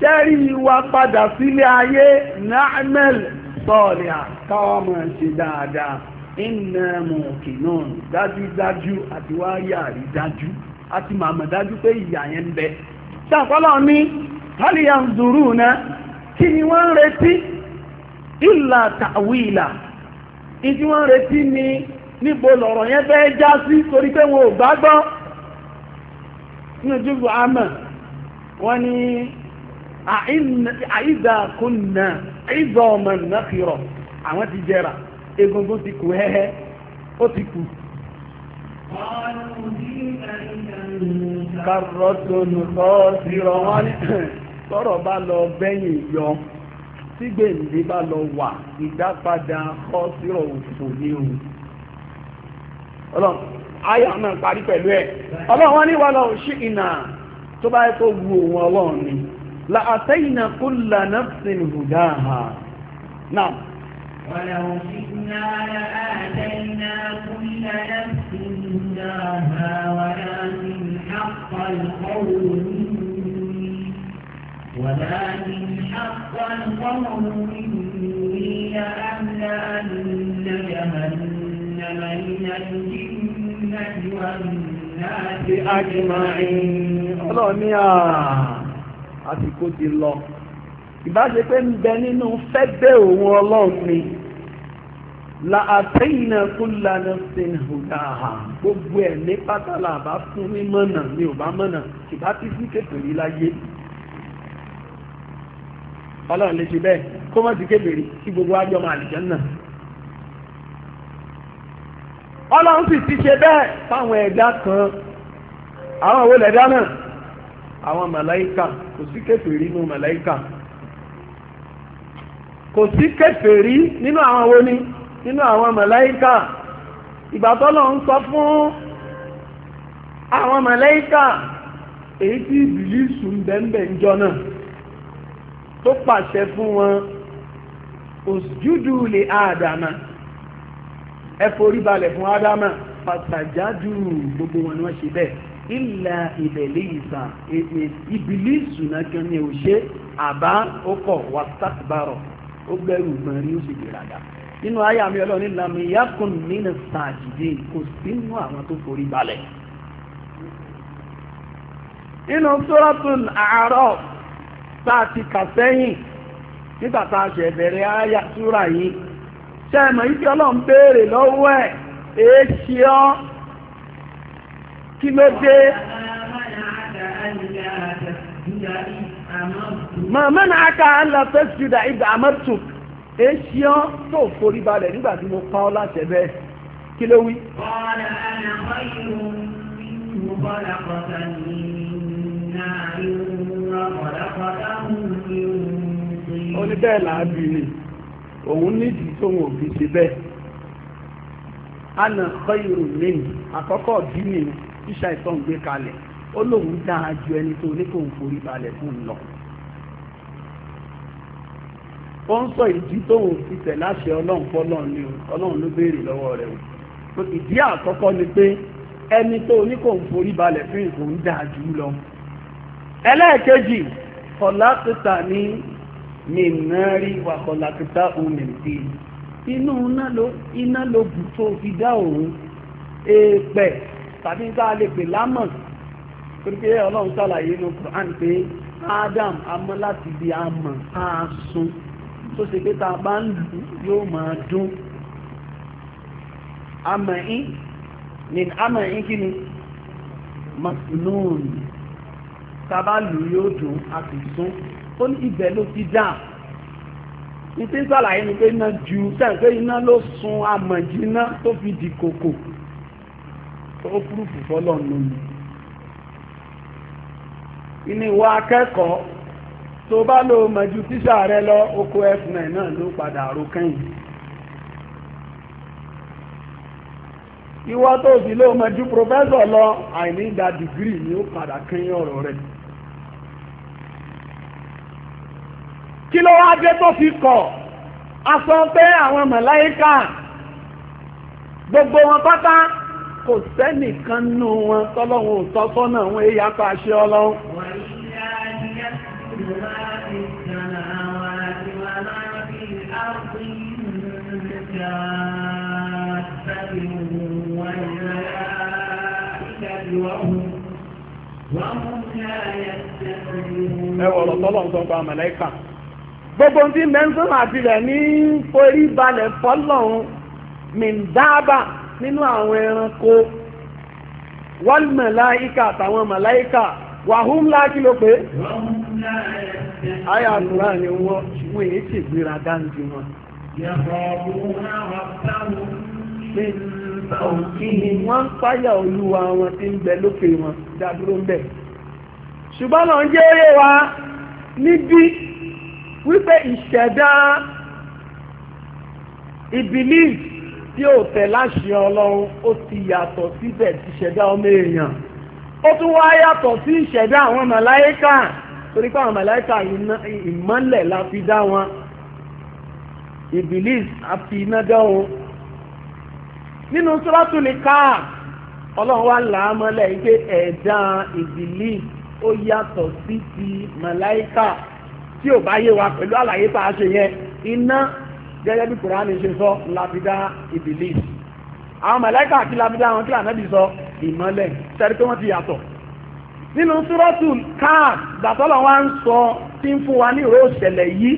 ṣẹ́rí wa padà sílé ayé náàmẹ̀lì sọ́ọ̀lì káwọ́ máa ṣe dáadáa iná mọ̀kì náà dájúdájú àti wá yàrí dájú. dájú a ti màmọ̀ dájú pé ìyà yẹn ń bẹ ṣàpọ́lọ́ ní tálíyà ń zùrù náà kí ni wọ́n ń retí ìlà tàwíìlà ìdí wọ́n ń retí ni níbo lọ̀rọ̀ yẹn fẹ́ já sí torí pé wọn ò gbàgbọ́ ní ojúbù àmà wọ́n ní àìdà kùnà àìdà ọmọ nàkìrọ̀ àwọn ti jẹrà egungun ti kù hẹ́hẹ́ ó ti kù kárọ́tònù kọ́ọ̀sìrọ̀ wọn ni tọ́rọ̀ bá lọ bẹ́yìn yọ tí gbèǹde bá lọ wà ìdápadà kọ́ọ̀sìrọ̀ òfò ní o. ọlọ́run ayọ̀ náà parí pẹ̀lú ẹ̀ ọlọ́run wọn ní wà lọ sí ìnà tó bá yẹ kó wu òun ọlọ́run ni làásẹ̀yìn náà kó lànà sínú hùdáhà náà. ولو شئنا لآتينا كل نفس هداها ولكن حق القول ولكن حق القول مني لأملأن جهنم من الجنة والناس أجمعين. àsìkò ti lọ ìbáṣepẹ́ ń bẹ nínú fẹ́ bẹ́ òun ọlọ́run ni láàtẹ́yìnà kúlà nọ́sìn hùdáhà gbogbo ẹ̀ ní pátálà bá fún mi mọ̀nà mi ò bá mọ̀nà kì bá ti sí kékeré láyé ọlọ́run lè ṣe bẹ́ẹ̀ kó má ti kékeré kí gbogbo ajọ́ máa lìjọ́ náà ọlọ́run sì ti ṣe bẹ́ẹ̀ fáwọn ẹ̀dá kan àwọn òwò lẹ̀dá náà àwọn màláìkà kò sí kékeré nínú màláìkà kò sí kékeré nínú àwọn òwò ni nínú àwọn màláíkà ìgbà tọ́lọ̀ ń sọ fún àwọn màláíkà èyí tí ìbìlísù ń bẹ̀m̀bẹ̀ ń jọ náà tó pàṣẹ fún wọn òsjúdù lè àdàmà ẹ forí balẹ̀ fún ádámà pàtàjádù gbogbo wọn ni wọ́n ṣe bẹ́ẹ̀ ìlà ìbẹ̀lẹ̀ ìsà ìbìlísù náà kan ní òṣè àbá ó kọ̀ wàtàkbárọ̀ ó gbẹ̀rù gbọ̀nrín ó sì gbèràdà nínú àyà mi ọlọ́run ní lami yakun nínú sàjìdì kò sínú àwọn tó forí balẹ̀ nínú sóràtún àárọ̀ tá a ti kà sẹ́yìn nígbà tá a ṣẹ̀ yìí ṣe mọ̀ ọlọ́run béèrè lọ́wọ́ ẹ̀ èé ọ́ kí ló dé mọ̀mọ́nà aka ńlá fẹ́ ṣùdà ìdá àmọ́tùk eṣíọ́ tó forí balẹ̀ nígbà tí mo pa ọ́ láṣẹ bẹ́ẹ̀ kí ló wí. ó ní bẹ́ẹ̀ làábì ni òun nídìí tóun ò fi ṣe bẹ́ẹ̀ ana khairu min àkọ́kọ́ bí mi iṣẹ́ ìtọ́ ń gbé kalẹ̀ ó lóun dáa ju ẹni tó ní kò ń forí balẹ̀ fún un lọ ó ń sọ ìdí tóun fi tẹ̀ láṣẹ ọlọ́run fọlọ́run ni ọlọ́run ló béèrè lọ́wọ́ rẹ̀ o ìdí àkọ́kọ́ ni pé ẹni tó ní kò ń forí balẹ̀ fún ìkò ń dáa jù lọ ẹlẹ́ẹ̀kejì kọ̀lákìtà ní mìnárì wà kọ̀lákìtà òmìnirì inú iná ló bù tó fi dá òun èèpẹ̀ tàbí tá a lè pè lámọ̀ pé ọlọ́run ṣàlàyé inú Quran pé Adam amọ́ láti di amọ̀ á sún tó ṣe pé ta bá ń lù yóò máa dún amẹ̀yìn ni amẹ̀yìn kí ni masnoon ta bá lù yóò dùn a sì sún ó ní ibẹ̀ ló ti dà ní tí ń sàlàyé ni pé iná ju sẹ́ǹpé iná ló sun amọ̀jìná tó fi di kòkò tó kúrú fùfọ́ lọ́nà ni. ìní wa akẹ́kọ̀ọ́ tó bá lò mọ̀ ju tíṣà rẹ lọ oko f9 náà ló padà rò kẹ́yìn ìwọ tó sì lò mọ̀ ju pòfẹ́sọ̀ lọ àìní ìdá dìgírì ni ó padà kẹ́yìn ọ̀rọ̀ rẹ̀ kí ló wá dé tó fi kọ̀ a sọ pé àwọn màláíkà gbogbo wọn pátá kò sẹ́nìkan nù wọn tọ́lọ́hun ò tọ́ sọ́nà wọn èyí apá àṣẹ ما في السماوات وما في الأرض من كافة والملائكة وهم وهم لا يستكبرون. ẹ wọ̀rọ̀ tọ́lọ̀ ń sọ fún àmàlẹ́kà gbogbo ti mẹ́ńsán àti rẹ̀ ní forí balẹ̀ fọ́lọ́run mìndáàbà nínú àwọn ẹranko wọ́n màláíkà àtàwọn màláíkà wàhún láti ló pé àyà àtúrà ni wọ́n wọ́n èyí tí ìgbéra dáńdì wọn. wọ́n ń páyà olúwa wọn tí ń bẹ lókè wọn dádúró ń bẹ̀. ṣùgbọ́n náà ń jẹ́ eré wa níbí wípé ìṣẹ̀dá ìbílíf tí tẹ̀ ọlọ́run ó ti yàtọ̀ síbẹ̀ ti ṣẹ̀dá ọmọ èèyàn. ó tún wá yàtọ̀ sí ìṣẹ̀dá àwọn màláíkà torí pé àwọn màláíkà ìmọ́lẹ̀ la fi dá wọn ìbílíìs àfi iná dá wọn nínú sọ́látùlì káà ọlọ́run wá là á mọ́lẹ̀ pé ẹ̀dá ìbílíìs ó yàtọ̀ sí ti màláíkà tí ò bá yé wa pẹ̀lú àlàyé tá a ṣe yẹn iná gẹ́gẹ́ bí kùránì ṣe sọ la fi dá ìbílíìs àwọn màláíkà kí la fi dá wọn kí lànà bí sọ. So ìmọ́lẹ̀ sẹ́rí pé wọ́n ti yàtọ̀ nínú súrọ́tù káà gbàtọ́lọ̀ wá ń sọ tí ń fún wa ní ìró ìṣẹ̀lẹ̀ yìí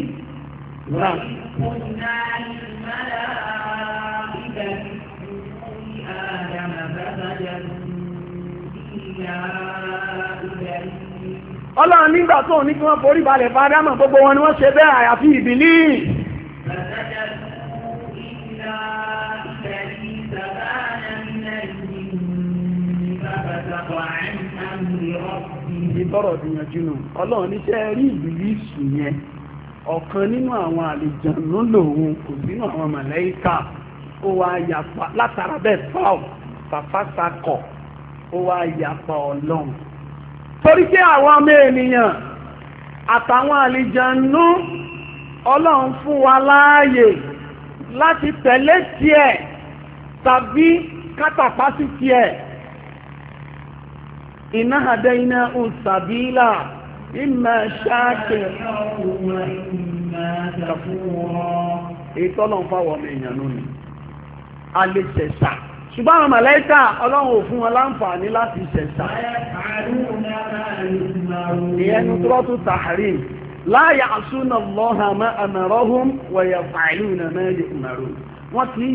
ọlọ́run nígbà tó ní kí wọ́n forí balẹ̀ fádámà gbogbo wọn ni wọ́n ṣe bẹ́ẹ̀ àyàfi ìbílí ibi tọ́rọ̀ gbìyànjú nù ọlọ́run níṣẹ́ rí ìbílísù yẹn ọ̀kan nínú àwọn àlejànú lòun kò sínú àwọn ó wá yapa látara bẹ́ẹ̀ fáwọn ó wá yapa ọlọ́run torí pé àwọn ọmọ ènìyàn àtàwọn àlejànú ọlọ́run fún wa láàyè láti tẹ̀lé tiẹ̀ tàbí kátàpá sí iná àdẹ́yìnà ń sàbílà ìmọ̀ ṣáàkẹ̀ ìtọ́lọ̀ ń fáwọ̀ ọmọ èèyàn lónìí a lè ṣùgbọ́n àwọn màláíkà ọlọ́run ò wọn láǹfààní láti ṣẹ̀ṣà ìyẹnu tọ́tù tààrí láyà àṣúnà lọ́hàmà àmàrọ́hùn fàìlú ìmàrò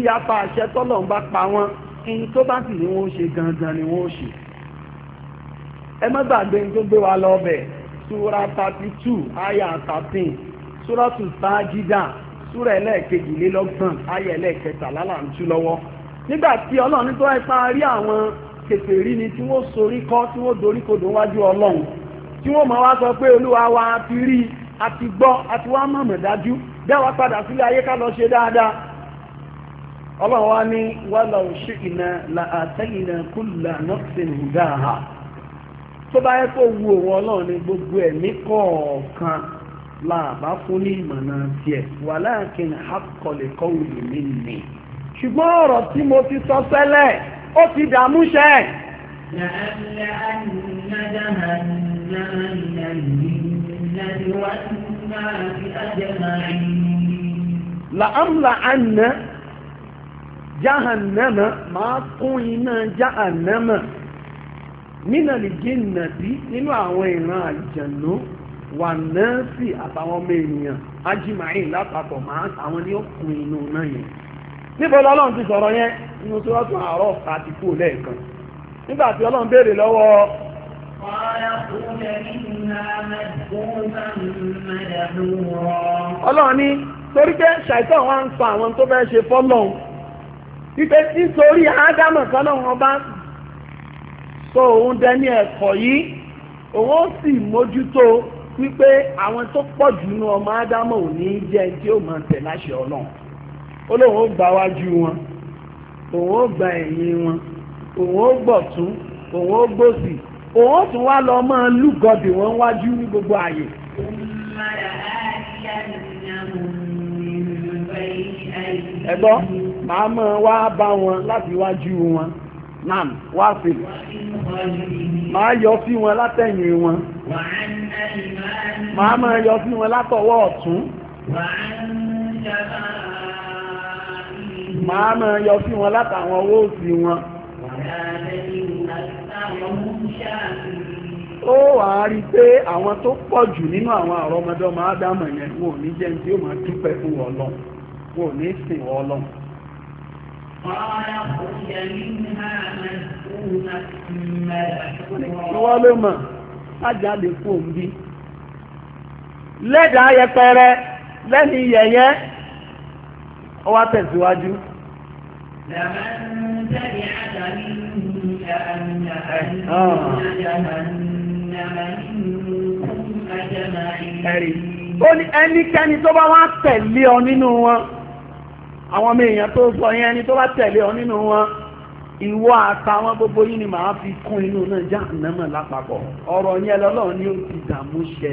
yapa àṣẹ tọ́lọ̀ ń bá pa wọn tó bá sì ní wọ́n ṣe gangan ni wọ́n ṣe ẹ má gbàgbé gbé wa lọ sura thirty two aya thirteen sura tù sura ẹlẹ́ẹ̀kejìlélọ́gbọ̀n aya ẹlẹ́ẹ̀kẹtàlá là lọ́wọ́ nígbà tí ọlọ́run tó ẹ parí àwọn ni tí wọ́n sorí kọ́ tí wọ́n dorí kodò wájú ọlọ́run tí wọ́n wá wa ti rí a ti gbọ́ a ti wá mọ̀mọ̀ dájú dáwà padà sílé ayé ká lọ ṣe dáadáa ọlọ́run wa ní wàlọ̀ òṣìkìnà làátẹ́yìnà tó bá yẹ kó wu òun ọlọ́run ní gbogbo ẹ̀mí kọ̀ọ̀kan làbá fún ní ìmọ̀nà tiẹ̀ wà láàkín àkọlẹ̀ kọ́wùlù mi nì. ṣùgbọ́n ọ̀rọ̀ tí mo ti sọ sẹ́lẹ̀ ó ti dààmú ṣẹ́. làámùlà àná jahannama máa kún iná jahannama mínàlì jìnnà sí nínú àwọn ìran àjànú wà náà sì àtàwọn ọmọ ènìyàn ajímáyìn lápapọ̀ máa àwọn ní òkun inú náà yẹn níbo lọ́lọ́run ti sọ̀rọ̀ yẹn inú tó rọ́tún àárọ̀ àti kú lẹ́ẹ̀kan nígbà tí ọlọ́run béèrè lọ́wọ́ ọlọ́run ní torí pé ṣàìtàn wá ń sọ àwọn tó fẹ́ ṣe fọ́lọ́run wípé nítorí ádámọ̀ kan náà wọn bá so òun dẹni ẹ̀kọ́ yìí òun ó sì mójútó wípé àwọn tó pọ̀ jù nínú ọmọ ádámọ̀ ò ní jẹ́ tí ó máa tẹ̀ láṣẹ ọlọ́run ó lóun ó gba wájú wọn òun ó gba ẹ̀yìn wọn òun ó gbọ̀tún òun ó gbòsì òun ó tún wá lọ máa lúgọ̀dì wọn wájú ní gbogbo àyè. ẹ̀gbọ́n màá máa wá bá wọn láti wájú wọn náà wá sí máa yọ sí wọn látẹ̀yìn wọn máa máa yọ sí wọn látọwọ́ ọ̀tún máa máa yọ sí wọn látàwọn owó òsì wọn ó wà á rí pé àwọn tó pọ̀ jù nínú àwọn àrọ́mọdọ́mọ ádámọ̀ yẹn wọn ò ní jẹ́ tí ó máa dúpẹ́ fún Ọlọ́run wọn ò ní sìn Ọlọ́run ìwọ ló mọ̀ ajáde kú òǹbí lẹ́dà ayẹpẹrẹ lẹ́ni yẹ̀yẹ́ ó wá tẹ̀síwájú. ó ní ẹnikẹ́ni tó bá wá tẹ̀lé ọ nínú wọn àwọn ọmọ èèyàn tó sọ yẹn ni tó bá tẹ̀lé ọ nínú wọn ìwọ àtàwọn gbogbo yìí ni màá fi kún inú náà jahannama lápapọ̀ ọ̀rọ̀ yẹn lọ́lọ́run ni ó ti dààmú ṣẹ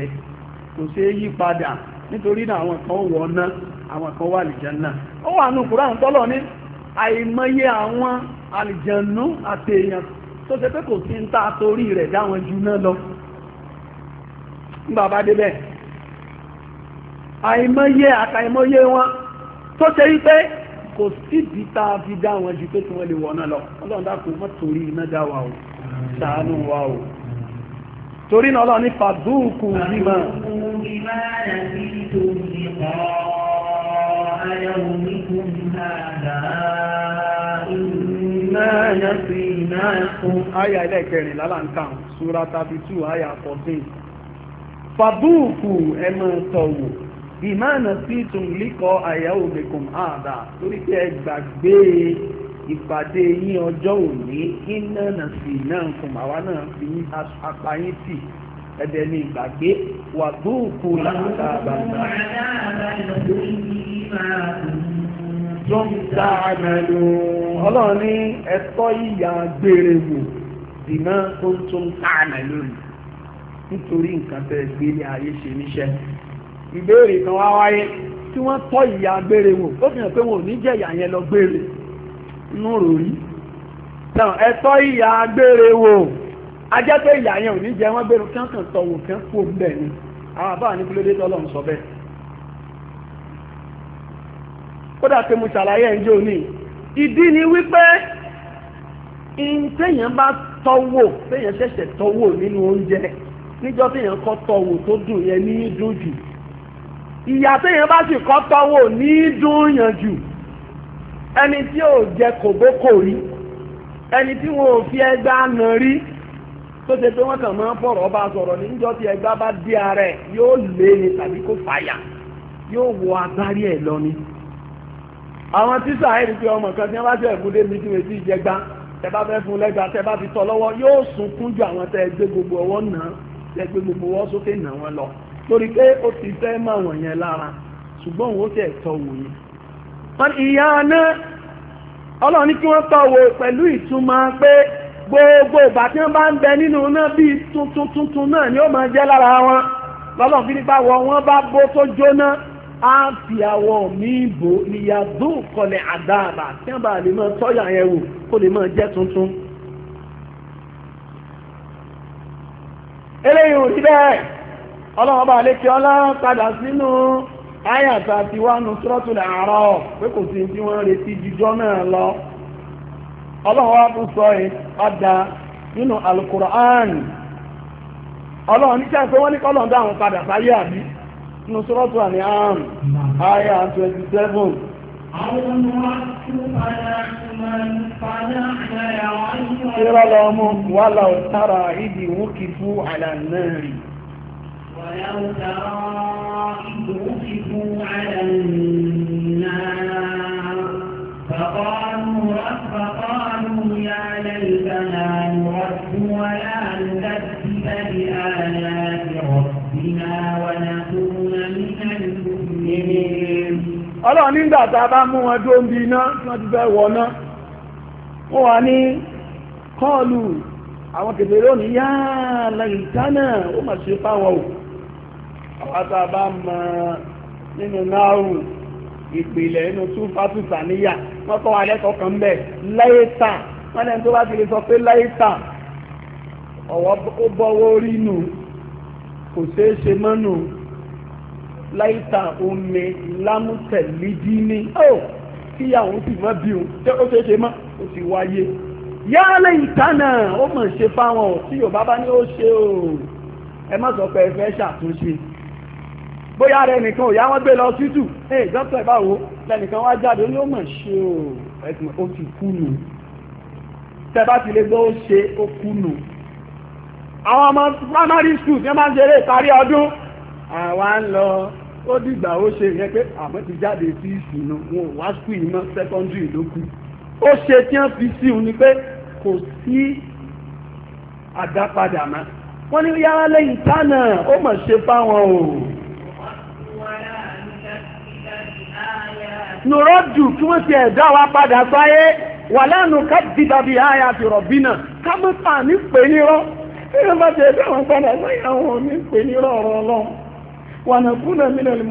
kò ṣeé yí padà nítorí náà àwọn kan wọ̀ ná àwọn kan wà àlìjánnà ó wà nù Kùránì tọ́lọ̀ ní àìmọye àwọn àlìjànnú àtèèyàn tó ṣe pé kò sí ń ta torí rẹ̀ dáwọn jù náà lọ nígbà bá débẹ̀ àìmọye àtàìmọye wọn tó ṣe yí pé kò sídìí tá a fi dá wọn ju pé kí wọ́n lè wọ̀ náà lọ ọlọ́run dákun mọ́ torí iná dá wa o ṣàánú wa o torí náà ní fàdúùkù Aya ẹlẹ́kẹrin Súra 32, Aya 14. Fàdúùkù ìmáàna sí ìtùnlíkọ àyàwó mẹ́kùn àdá torí pé ẹ gbàgbé ìpàdé yín ọjọ́ òní iná nà sí náà fún àwa náà fi yín apá yín tì ẹ̀bẹ̀ ni ìgbàgbé wà gbóòkú láńtà bàtà. Jọ́mítà àmàlò ọlọ́run ní ẹ̀tọ́ ìyà gbére wò dìmọ́ tó ń tún ká àmàlò nítorí nǹkan tẹ́ gbé ní ayé ṣe níṣẹ́ ìbéèrè kan wá wáyé tí wọ́n tọ́ ìyà gbére wò ó fi hàn pé wọn ò ní jẹ̀yà yẹn lọ gbére inú rò rí ẹ tọ́ ìyà gbére wò ajẹ́ pé ìyà yẹn ò ní jẹ wọ́n gbére kí wọ́n kàn tọ̀ wò kí wọ́n kú òun bẹ̀ ni àwọn àbá ní kílódé tọ́lọ̀ ń sọ bẹ́ẹ̀ kódà pé mo ṣàlàyé ẹ̀ ń jẹ́ òní ìdí ni wípé téèyàn bá tọ́wò téèyàn ṣẹ̀ṣẹ̀ tọ́wò nínú oúnjẹ níjọ́ téèyàn kọ́ tọ́wò tó dùn yẹn ní dùn jù ìyá téèyàn bá sì kọ́ tọ́wọ́ ní dùn yàn jù ẹni tí ò jẹ kòbókò rí ẹni tí wọn ò fi ẹgbẹ́ àná rí tó ṣe pé wọ́n kàn máa ń fọ̀rọ̀ bá sọ̀rọ̀ níjọ́ tí ẹgbẹ́ bá dé ara ẹ̀ yóò lé ni tàbí kó fàyà yóò wọ agbárí ẹ̀ lọ ni. àwọn tíṣà ẹ̀rí pé ọmọ kan tí wọ́n bá ṣe ẹ̀gúndé mi tí wọ́n ti jẹgba tẹ bá fẹ́ fún lẹ́gba tẹ bá fi tọ́ lọ́wọ́ yóò sunkún ju àwọn tẹ gbé gbogbo ọwọ́ náà tẹ gbé gbogbo ọwọ́ sókè náà wọn lọ torí pé ó ti fẹ́ mọ̀ wọ̀nyẹn lára ṣùgbọ́n òun ó tẹ̀ tọ́ wò yẹn. wọ́n ìyá náà ọlọ́run ní kí wọ́n tọ́ wò pẹ̀lú ìtumọ̀ pé gbogbo ìgbà tí wọ́n bá ń bẹ nínú náà bíi tuntun tuntun náà ni ó máa jẹ́ lára wọn lọ́lọ́run fi nípa wọ wọ́n bá bó tó jóná á fi àwọn míì bò níyàdó kọlẹ̀ àdáàbà tí wọ́n bá lè máa tọ́yà yẹn wò kó lè máa jẹ́ tuntun. eléyìí ò rí bẹ́ẹ̀ ọlọ́wọ́ bá lè kí ọlá padà sínú ayàtà ti wá nù suratul A'raf pé kò sí tí wọ́n retí jíjọ́ náà lọ ọlọ́wọ́ wá sọ ẹ̀ padà nínú alukur'an ọlọ́wọ́ níṣẹ́ pé wọ́n ní kọ́lọ̀ dáhùn padà sáyé àbí nù suratul An'am ayà 27 Ìrọ̀lọ́mù wà láò tára ìdí fún àlànà ولو ترى ọlọ́run nígbà tá a bá mú wọn dúró ń bi iná wọ́n ti fẹ́ wọ́n wà ní àwọn kèfèrè òní yáà lẹ́yìn tánà ó mà ṣe fáwọn òkú àpáta bá mọ nínú náírù ìpìlẹ̀ inú tún fásità níyà wọ́n kọ́ alẹ́kọ̀ọ́ kan bẹ́ẹ̀ láyétà wọ́n lẹ́nu tó bá ti lè sọ pé láyétà ọ̀wọ́ ó bọ́wọ́ rí nù kò ṣeé ṣe mọ́nù láyétà omi lámùtẹ̀lídìí ní ó kíyàwó sì mọ́ bí o tẹ́ ó ṣeé ṣe mọ́ ó ti wáyé yálé ìtànà ó mọ̀ ṣe fáwọn tí Yorùbá bá ní ó ṣe o ẹ má sọ pé ẹ fẹ́ ṣàtúnṣe bóyá rẹ nìkan òyá wọ́n gbé lọ sítù ẹ̀ dọ́tọ̀ ìbáwo lẹ́nìkan wá jáde ló mọ̀ ṣe o ẹ̀sìn ó ti kú nù tẹ́ bá ti lè gbọ́ ó ṣe ó kú nù àwọn ọmọ primary school tí wọ́n máa ń ṣeré ìparí ọdún àwa ń lọ ó dìgbà ó ṣe yẹn pé àmọ́ ti jáde sí ìsìnú wọn ò wá school yìí mọ́ secondary ló kù ó ṣe tí wọ́n fi sí òun ni pé kò sí àdápadà mọ́ wọ́n ní yàrá lẹ́yìn tánà ó mọ̀ ṣe fáwọn o. nùrọ́jù kí wọ́n ti ẹ̀dá wa padà sáyé wà lánàá ká dìbà bí àyà ti rọ̀bí náà ká mọ́ pa pè ní rọ́ wọ́n bá ti ẹ̀dá wọn padà sáyé àwọn ní pè ní rọ́ ọ̀rọ̀ ọlọ́run wà nà kú náà mílẹ̀ ní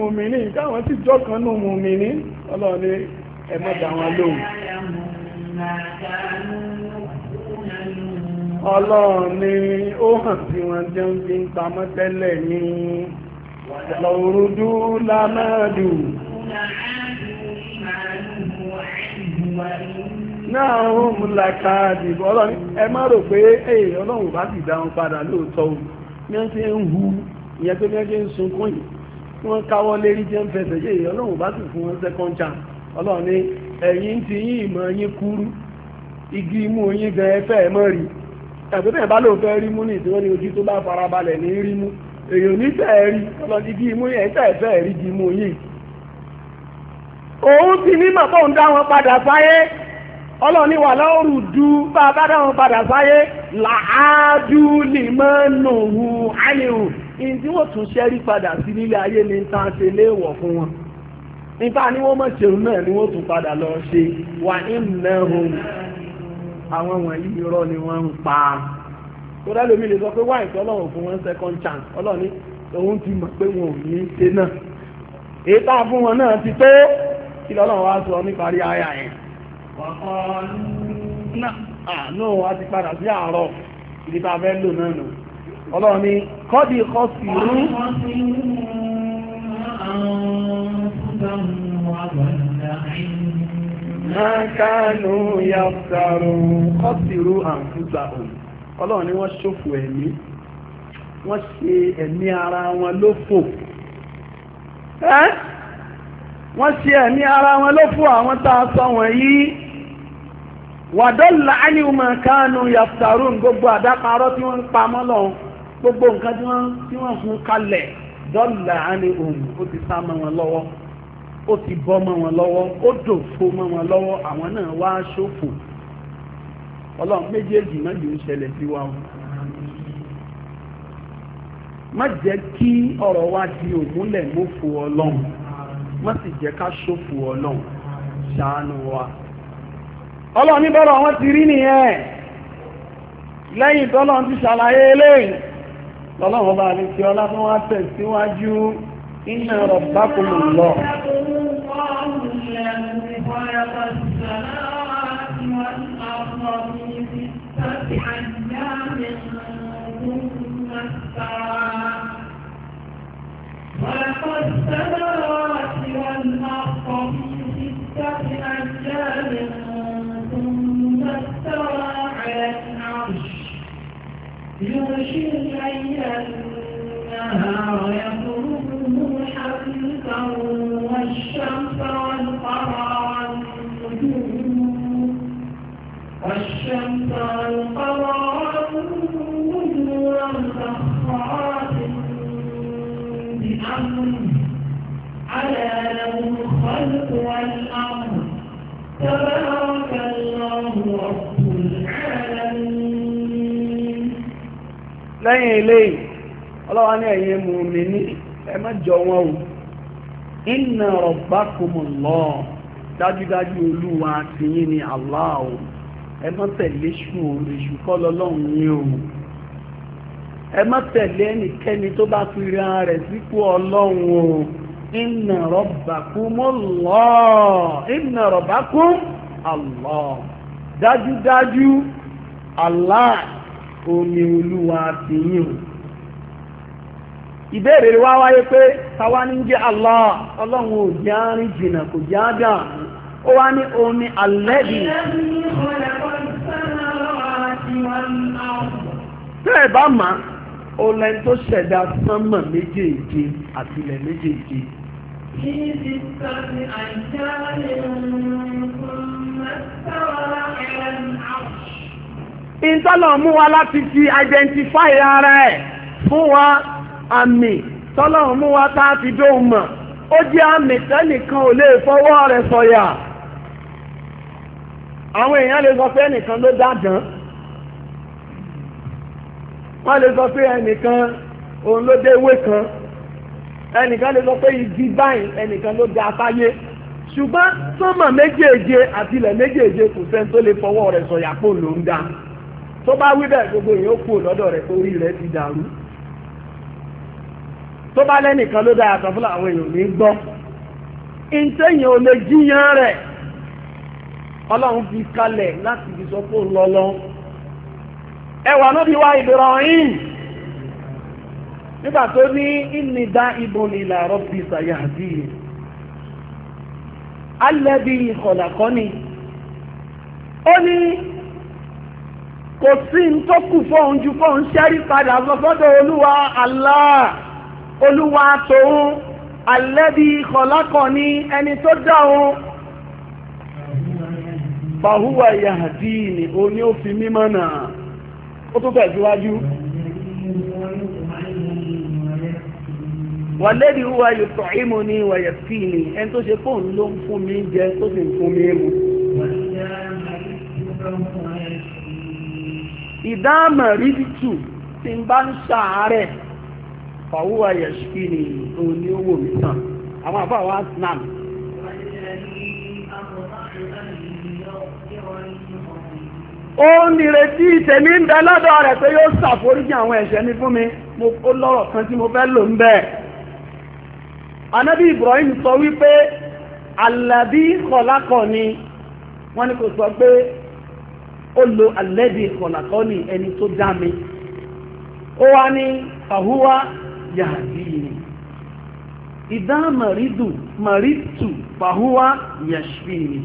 náà ó mú làkà dìbò ọlọ́run ẹ má rò pé ẹ̀yẹ ọlọ́run bá sì dáhùn padà lóòótọ́ o ní wọ́n ti ń hu ìyẹn tó ní wọ́n ti ń sunkún yìí tí wọ́n káwọ́ lérí jẹ́ ń fẹsẹ̀ yé ẹ̀yẹ ọlọ́run bá sì fún wọn second chance ọlọ́run ní ẹ̀yìn ti yín ìmọ̀ yín kúrú igi imú yín gan ẹ fẹ́ ẹ mọ́ rí tàbí bẹ́ẹ̀ bá lóun fẹ́ rí mú ní ìdíwọ́ ní ojú tó bá farabalẹ̀ ní rí mú èèyàn ní fẹ́ rí ọlọ́run igi imú yẹn fẹ́ fẹ́ rí igi imú yín òun ti ní mọ̀ tóun dá wọn padà sáyé ọlọ́ni wà lọ́rù dú bá a bá dá wọn padà sáyé làádú lìmọ́ nùhù ánìhù ìyìn tí wọ́n tún ṣẹ́rí padà sí nílé ayé ní ta ṣe léèwọ̀ fún wọn nípa ni wọ́n mọ̀ ṣeun náà ni wọ́n tún padà lọ ṣe wà ìmùnẹ́hùn àwọn wọ̀nyí irọ́ ni wọ́n ń pa kódà lómi lè sọ pé wáyé tí ọlọ́run fún wọn second chance ọlọ́ni òun ti mọ̀ pé wọn ò ní ṣe náà èyí tá a fún wọn náà ti tó kí lọ́lọ́run wá sọ níparí ayà yẹn náà wá ah, ti padà sí a fẹ́ lò kọ́dì kọ́ rú Mákánú òun. wọ́n ṣòfò ẹ̀mí, wọ́n ṣe ẹ̀mí ara wọn wọ́n ṣe ẹ̀mí ara wọn ló fún àwọn tá a sọ wọ̀nyí wàdọ́là ánìwòmọ̀ kánú yàtàrú gbogbo àdáparọ́ tí wọ́n ń pamọ́ lọ gbogbo nǹkan tí wọ́n tí wọ́n fún kalẹ̀ dọ́là ánìwòmọ̀ ó ti sá mọ́ wọn lọ́wọ́ ó ti bọ́ mọ́ wọn lọ́wọ́ ó dòfo mọ́ wọn lọ́wọ́ àwọn náà wá ṣòfò ọlọ́run méjèèjì náà yóò ṣẹlẹ̀ sí wa o má jẹ́ kí ọ̀rọ̀ wa di òmúlẹ̀ mọ́fò ọlọ́run. wọ́n sì jẹ́ ká ṣòfò ọlọ́run ṣàánú wa ọlọ́run ní bọ́lọ̀ wọ́n ti rí nìyẹn lẹ́yìn tọ́lọ́run ti ṣàlàyé eléyìí lọ́lọ́run bá lè tí ọlá fún wa tẹ̀síwájú inna rabbakumullah lẹ́yìn ilé ọlọ́wà ní ẹ̀yin mùmínì ẹ má wọn o inna dájúdájú olúwa ti yín ni o ẹ kọ́ lọ́lọ́run yín o ẹ ẹnikẹ́ni tó bá fi ra rẹ̀ sípò ọlọ́run o omi olúwa ti yìn ìbéèrè wá wáyé pé tàwa ní jẹ́ Allah ọlọ́run ò jẹ́ àárín jìnnà kò jẹ́ àdàmú ó wá ní omi alẹ́bì tẹ́ ẹ̀ bá máa olè tó ṣẹ̀dá sánmà méjèèje àti ilẹ̀ méjèèje. ìtọ́lọ̀ mú wa láti fi identify ara ẹ̀ fún wa àmì tọ́lọ̀ mú wa tá a fi dóhùn mọ̀ ó jẹ́ àmì tẹ́nìkan ò lè fọwọ́ rẹ̀ sọ̀yà àwọn èèyàn lè sọ pé ẹnìkan ló dádán wọ́n lè sọ pé ẹnìkan òun ló dé ewé kan ẹnìkan lè sọ pé igi báyìí ẹnìkan ló dé afáyé ṣùgbọ́n sọ́mọ̀ méjèèje àti ilẹ̀ méjèèje kò sẹ́ni tó lè fọwọ́ rẹ̀ sọ̀yà pò ló tó bá wí bẹ́ẹ̀ gbogbo èèyàn kú lọ́dọ̀ rẹ̀ orí rẹ̀ ti dàrú tó bá lẹ́nìkan ló dáa sọ fún àwọn èèyàn ní gbọ́ ìtẹ̀yìn ò lè jíyàn rẹ̀ ọlọ́run fi kalẹ̀ láti fi sọ fún lọ́lọ́ ẹwà náà bí wá Ibrahim nígbà tó ní ìnìdá ibùn ìlà rọ́bì sàyàdì alẹ́bí ni ó ní kò sí ń tó kù fóun ju fóun ṣẹ́rí padà sọ olúwa Allah olúwa tòun alẹ́bí kọ̀lákọ̀ ni ẹni tó dá òun fàhúwà yàdí ni o ní ó fi mímọ́ náà ó tó fẹ̀ síwájú wàlẹ́bí wúwa yóò tọ̀ ìmú ni wàyẹ̀ fi ni ẹni tó ṣe fóun ló ń fún mi jẹ tó sì ń fún mi mu ìdáàmà rídìtù tí ń bá ń ṣàárẹ̀ fàwúwà yẹ̀ṣùkì ni òun ni ó wò mí tàn àwọn àbá wa snap. ó nírètí ìtẹ̀mí ń bẹ lọ́dọ̀ rẹ̀ pé yóò ṣàforíjì àwọn ẹ̀ṣẹ̀ mi fún mi ó lọ́rọ̀ kan tí mo fẹ́ lò ń bẹ̀. anábì Ibrahim sọ wípé alábí kọlákọ ni wọ́n ní kò sọ pé ó lo alẹ́bí kọ̀làkọ́nì ẹni tó dá mi ó wá ní fàhúwá yahdini ìdá màrídù màrítù fàhúwá yashfini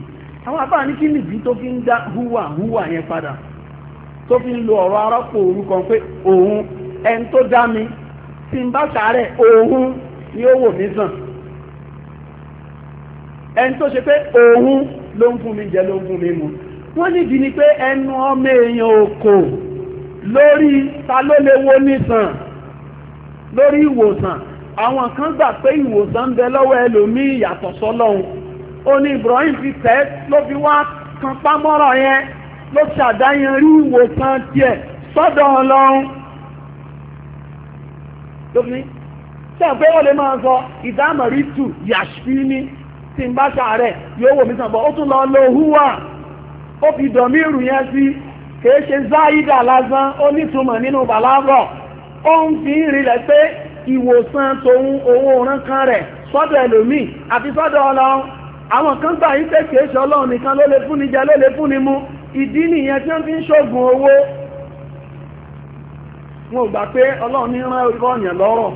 àwọn àbá ní kí nìbí tó fi ń dá húwà húwà yẹn padà tó fi ń lo ọ̀rọ̀ arọ́pò orúkọ pé òun ẹni tó dá mi tí ń bá sàárẹ̀ òun ni ó wò mí sàn ẹni tó ṣe pé òun ló ń fún mi jẹ ló ń fún mi mu wọ́n níbi ni pé ẹnu ọmọ èèyàn òkò lórí ta ló lè wo nìsàn lórí ìwòsàn àwọn kan gbà pé ìwòsàn ń bẹ lọ́wọ́ ẹlòmíì yàtọ̀ sọ́lọ́hun ó ní Ibrahim fi tẹ́ ló fi wá kan pámọ́rọ̀ yẹn ló ṣàdáyan rí ìwòsàn tiẹ̀ sọ́dọ̀ Ọlọ́run lóbi sẹ́yìn pé wọ́n lè máa sọ ìdámọ̀rí tù yàṣí ní tí ń bá yóò wò mí sàn bọ́ ó tún lọ lo húwà ó fi dọ̀míìrù yẹn sí kìí ṣe záídà lásán ó nítumọ̀ nínú bàlágọ̀ ó ń fi ń rilẹ̀ pé ìwòsàn tòun owó ránkan rẹ̀ sọ́dọ̀ ẹlòmíì àti sọ́dọ̀ ọlọ́run àwọn kan gbà yí pé kìí ṣe ọlọ́run nìkan ló lè fúnni jẹ ló lè fúnni mu ìdí nìyẹn tí wọ́n fi ń ṣògùn owó wọn ò gbà pé ọlọ́run ní rán orí ọ̀yàn lọ́rọ̀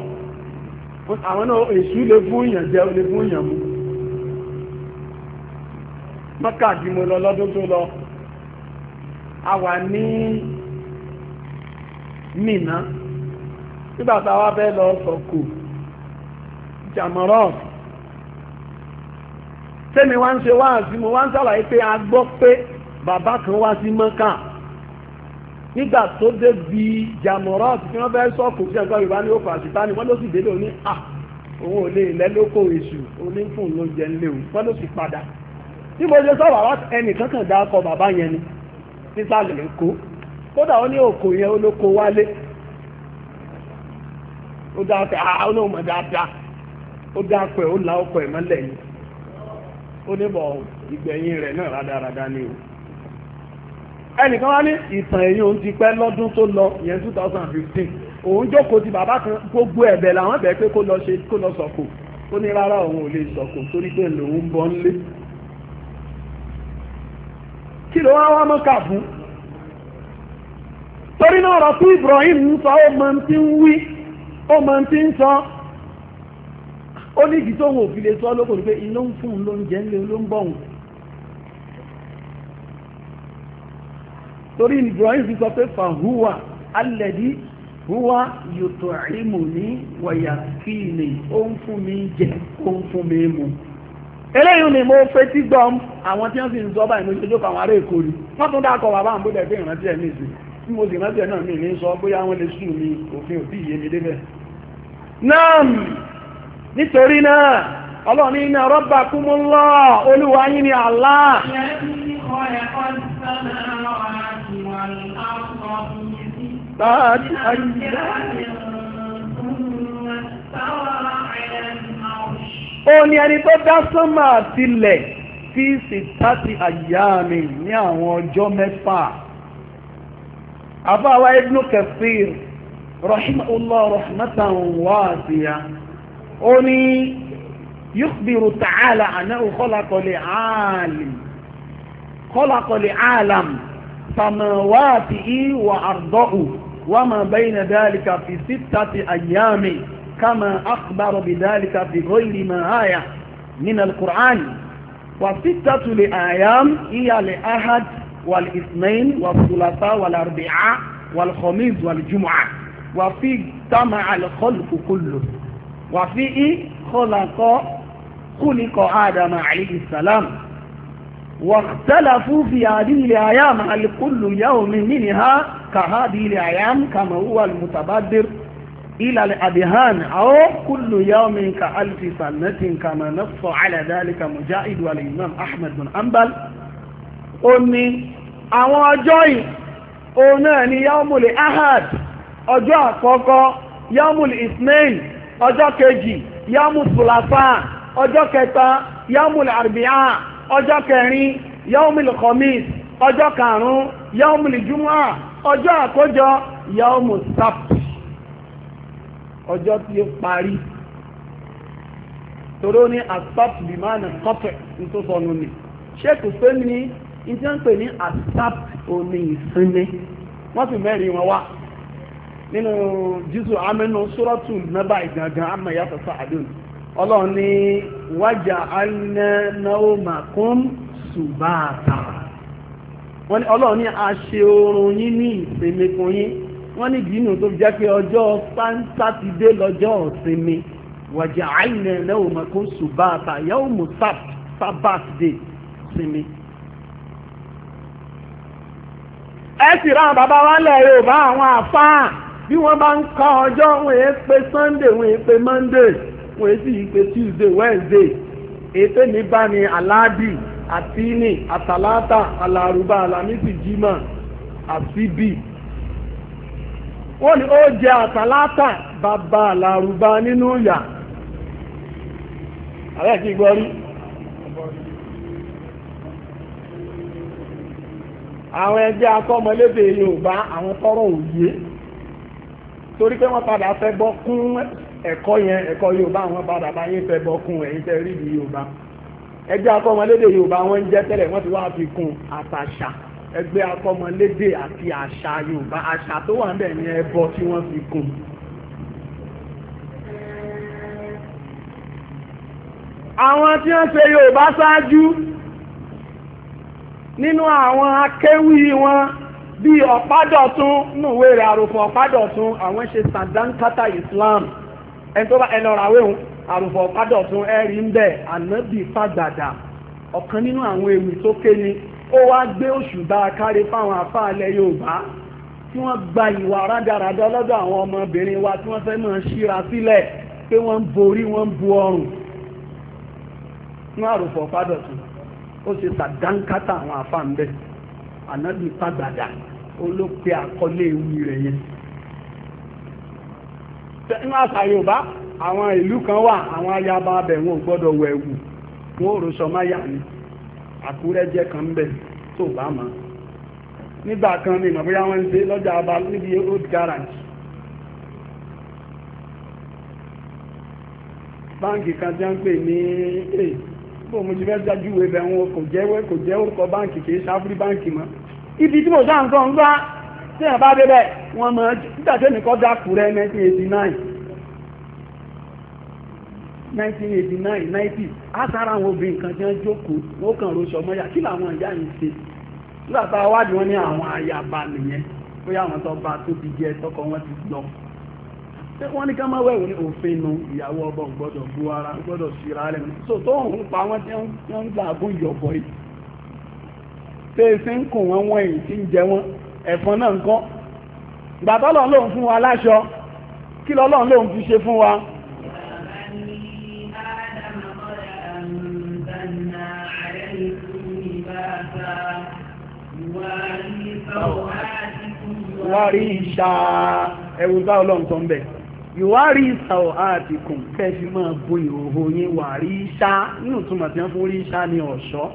àwọn náà èṣù lè fún ìyàn jẹ lè fún ìyàn mu mọ́kà bí mo lọ lọ́dún tó lọ a wà ní Mínà nígbà tá a wá fẹ́ lọ sọ̀kò jàmọ́rọ́ tẹ́mi wá ń ṣe wá sí mo wá ń ṣàlàyé pé a gbọ́ pé bàbá kan wá sí mọ́kà nígbà tó dé bi jàmọ́rọ́ tí wọ́n fẹ́ sọ̀kò sí ẹ̀kọ́ Yorùbá ní òkò àṣìbá ni wọ́n ló sì délé òní à ah, òun ò lè lẹ́lókò èṣù onífùn ló jẹ́ ńlé òun wọ́n ló sì padà tí mo ṣe sọ̀rọ̀ àwọn ẹnìkan kan dá ọkọ̀ bàbá yẹn ni nísàlẹ̀ èkó kódà ó ní òkò yẹn olóko wálé ó dá ọkọ̀ àá ó ní òmò dáadáa ó dá ọkọ̀ ẹ̀ ó la ọkọ̀ ẹ̀ mọ́lẹ̀ yìí ó ní bọ̀ ìgbẹ̀yìn rẹ̀ náà rádaràda ni o ẹnìkan wá ní ìtàn èyí òun ti pẹ́ lọ́dún tó lọ yẹn 2015 òun jókòó ti bàbá kan gbogbo ẹ̀bẹ̀ làwọn bẹ̀ẹ́ pé kó lọ ṣe kó lọ sọ̀kò ó ní rárá òun ò lè sọ̀kò torí pé lòun bọ́ ń lé kí ló wá wá mọ́kà fún torí náà rọ̀ tí Ibrahim ń sọ ó mọ tí ń wí ó mọ tí ń sọ ó ní ìdí tó wò fi lè sọ lókò ní pé iná ń fún un ló ń jẹ́ ń lé ló ń bọ̀hùn torí Ibrahim fi sọ pé fàhúwà alẹ́dí húwà yòtò àìmù ní wọ̀yà kí ni ó ń fún mi jẹ ó ń fún mi mu. eléyìí ni mo fetí gbọm àwọn tí wọ́n sì ń sọ báyìí mo àwọn ará èkó rí wọ́n tún dákọ̀ wà bá ń bó dẹ̀ ìrántí ẹ̀ ní tí mo sì rántí náà mi ní sọ bóyá lè sùn mi òfin òbí mi náà nítorí náà ọlọ́ọ̀ni lọ olúwa yín ni ó ní ẹni tó dá sánmà àtilẹ̀ fi sitati ayyami ní àwọn ọjọ́ mẹ́fà àbáwá ibnu Kathir rahimahullah rahmatan wasi'a ó ní yukhbiru ta'ala annahu khalaqa li'alim khalaqa li'alam samawatihi wa ardahu wa ma bayna dhalika fi sitati ayyami. كما أخبر بذلك في غير ما آية من القرآن وستة لأيام هي لأحد والاثنين والثلاثاء والأربعاء والخميس والجمعة وفي تمع الخلق كله وفيه خلق خلق آدم عليه السلام واختلفوا في هذه الأيام هل كل يوم منها كهذه الأيام كما هو المتبادر ilal adihan aw kullu yawmin ka alfi sanatin kama nafsu ala dhalika mujahid wal imam ahmed bin hanbal ó ní àwọn ọjọ́ yìí òun náà ni yaumul ahad ọjọ́ àkọ́kọ́ yaumul ismail ọjọ́ kejì yaumul sulasa ọjọ́ kẹta yaumul arbi'a ọjọ́ kẹrin yaumul khamis ọjọ́ karùn-ún yaumul jumu'a ọjọ́ àkójọ sabt ọjọ́ tí ó parí toró ní asap limana kọfẹ̀ tó sọnù ní ṣéèkù sẹ́ni ní ìjọ ń pè ní asap ìsinmi wọ́n sì mẹ́rin wọn wá nínú jésù amínú sọ́rọ́tù nọ́bà ìgangan amáyàtọ̀ ọlọ́run ní wájà ṣùgbọ́n àtàrà wọ́n ní ọlọ́run a yín ní wọ́n ní ìdí inú tó jẹ́ pé ọjọ́ sátidé lọ́jọ́ ọ̀sinmi wàjà àìnà lẹ́wọ̀n mọ̀kó ṣùbáàtà yẹ́wò mú sábàt dé sinmi. ẹ sì ra àwọn bàbá wa lẹ̀ yorùbá àwọn àfáà bí wọ́n bá ń kọ́ ọjọ́ wọ́n yẹn pé sunday wọ́n yẹn pé monday wọ́n yẹn sì yí pé tuesday wednesday ètò níbà ni aláàdì àtìní àtàlátà alárùbá alámísì jimá àfíbì wọ́n ní ó jẹ àtàlátà bàbá àlàrúbá nínú ìyà ààrẹ kí gbọ́ rí àwọn ẹgbẹ́ akọ́mọlédè Yorùbá àwọn tọ́rọ òye torí pé wọ́n padà fẹ́ bọ́ kún ẹ̀kọ́ yẹn ẹ̀kọ́ Yorùbá àwọn padà bá yín fẹ́ bọ́ kún ẹ̀yìn tẹ́ rí di Yorùbá ẹgbẹ́ akọ́mọlédè Yorùbá wọ́n jẹ́ tẹ́lẹ̀ wọ́n ti wá fi kún àtàṣà ẹgbẹ́ akọ́mọlédè àti àṣà Yorùbá àṣà tó wà níbẹ̀ ní ẹbọ tí wọ́n fi kún àwọn tí wọ́n ṣe Yorùbá ṣáájú nínú àwọn akéwì wọn bí ọ̀pádọ̀tún nùwé rẹ̀ àròfò ọ̀pádọ̀tún ṣe sàdánkátà Islam ẹni tó bá ọ̀pádọ̀tún ẹ̀rí ń bẹ̀ ànábì fàgbàdà ọ̀kan ó wá gbé òṣùbà kárí fáwọn afáàlẹ̀ Yorùbá tí wọn gba ìwà rádaràdá lọ́dọ̀ àwọn ọmọbìnrin wa tí wọ́n fẹ́ máa ṣíra sílẹ̀ pé wọ́n ń borí wọ́n ń bu ọrùn ní àròfọ̀ fádọ̀tún ó ṣe tàdánkátà àwọn àkọlé ewì yẹn nínú àṣà ìlú kan wà àwọn ayaba wọn ò wọn ò ni Àkúrẹ́ jẹ́ kan bẹ̀ tó bá mọ́ nígbà kan ní ìmọ̀ bóyá wọ́n ń ṣe lọ́jà ọba níbi road garage báǹkì kan tí wọ́n ń pè ní a bó mo ti fẹ́ dájú ìwé bẹ̀ wọn kò jẹ́ kò jẹ́ orúkọ báǹkì kì í ṣáfúrí báǹkì mọ́ ibi tí mo sáà ń sọ ń gbá tí wọ́n bá débẹ̀ wọ́n mọ̀ nígbà tí ènìkan dákúrẹ́ 1989 1989 90 átara àwọn obìnrin kan tí wọ́n jókòó ó kàn ro sọmọ́yà kí làwọn ìyá yìí ṣe nígbà tá a wádìí wọn ní àwọn ayaba nìyẹn bóyá àwọn tó bá tó ti jẹ tọkọ wọn ti lọ ṣé wọ́n ní ká má wẹ̀wò ní òfin nu ìyàwó ọbọ gbọ́dọ̀ bu ara gbọ́dọ̀ síra rẹ̀ so tó ń pa wọn tí wọ́n ń gbà gún ìyọ̀bọ yìí tẹ́ ẹ fi ń kùn wọn wọ̀nyí tí ń jẹ wọn ẹ̀fọn náà ń kọ́ gbàtọ́ lọ́n lòun fún wa láṣọ kí lọ́lọ́n lòun fi ṣe fún wa Ìwárí ìṣà ẹwù bá ọlọ́run tó ń bẹ̀. Ìwárí ìṣà àtìkùn kẹfì máa bo ìhòhò yín wà rí ìṣà nínú túnmọ̀ tí wọ́n fún rí ìṣà ní ọ̀ṣọ́.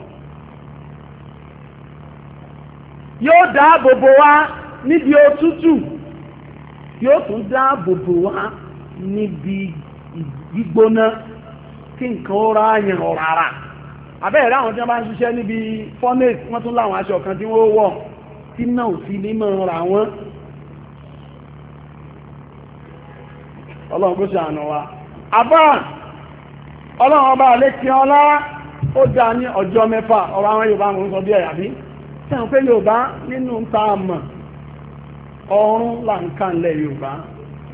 Yóò dáàbò bò wá níbi òtútù. Yóò tún dáàbò wá níbi gbígbóná kí nǹkan ó ráyàn rárá àbẹ́ẹ̀rẹ́ àwọn tí wọ́n bá ń ṣiṣẹ́ níbi furnace wọ́n tún láwọn aṣọ kan tí wọ́n wọ̀ tí náà sí nímọ̀ ra wọ́n ọlọ́run kó ṣàánú wa àbá ọlọ́run ọba àlékí ọlá ó dá ní ọjọ́ ọ̀run làǹkà ńlẹ̀ yorùbá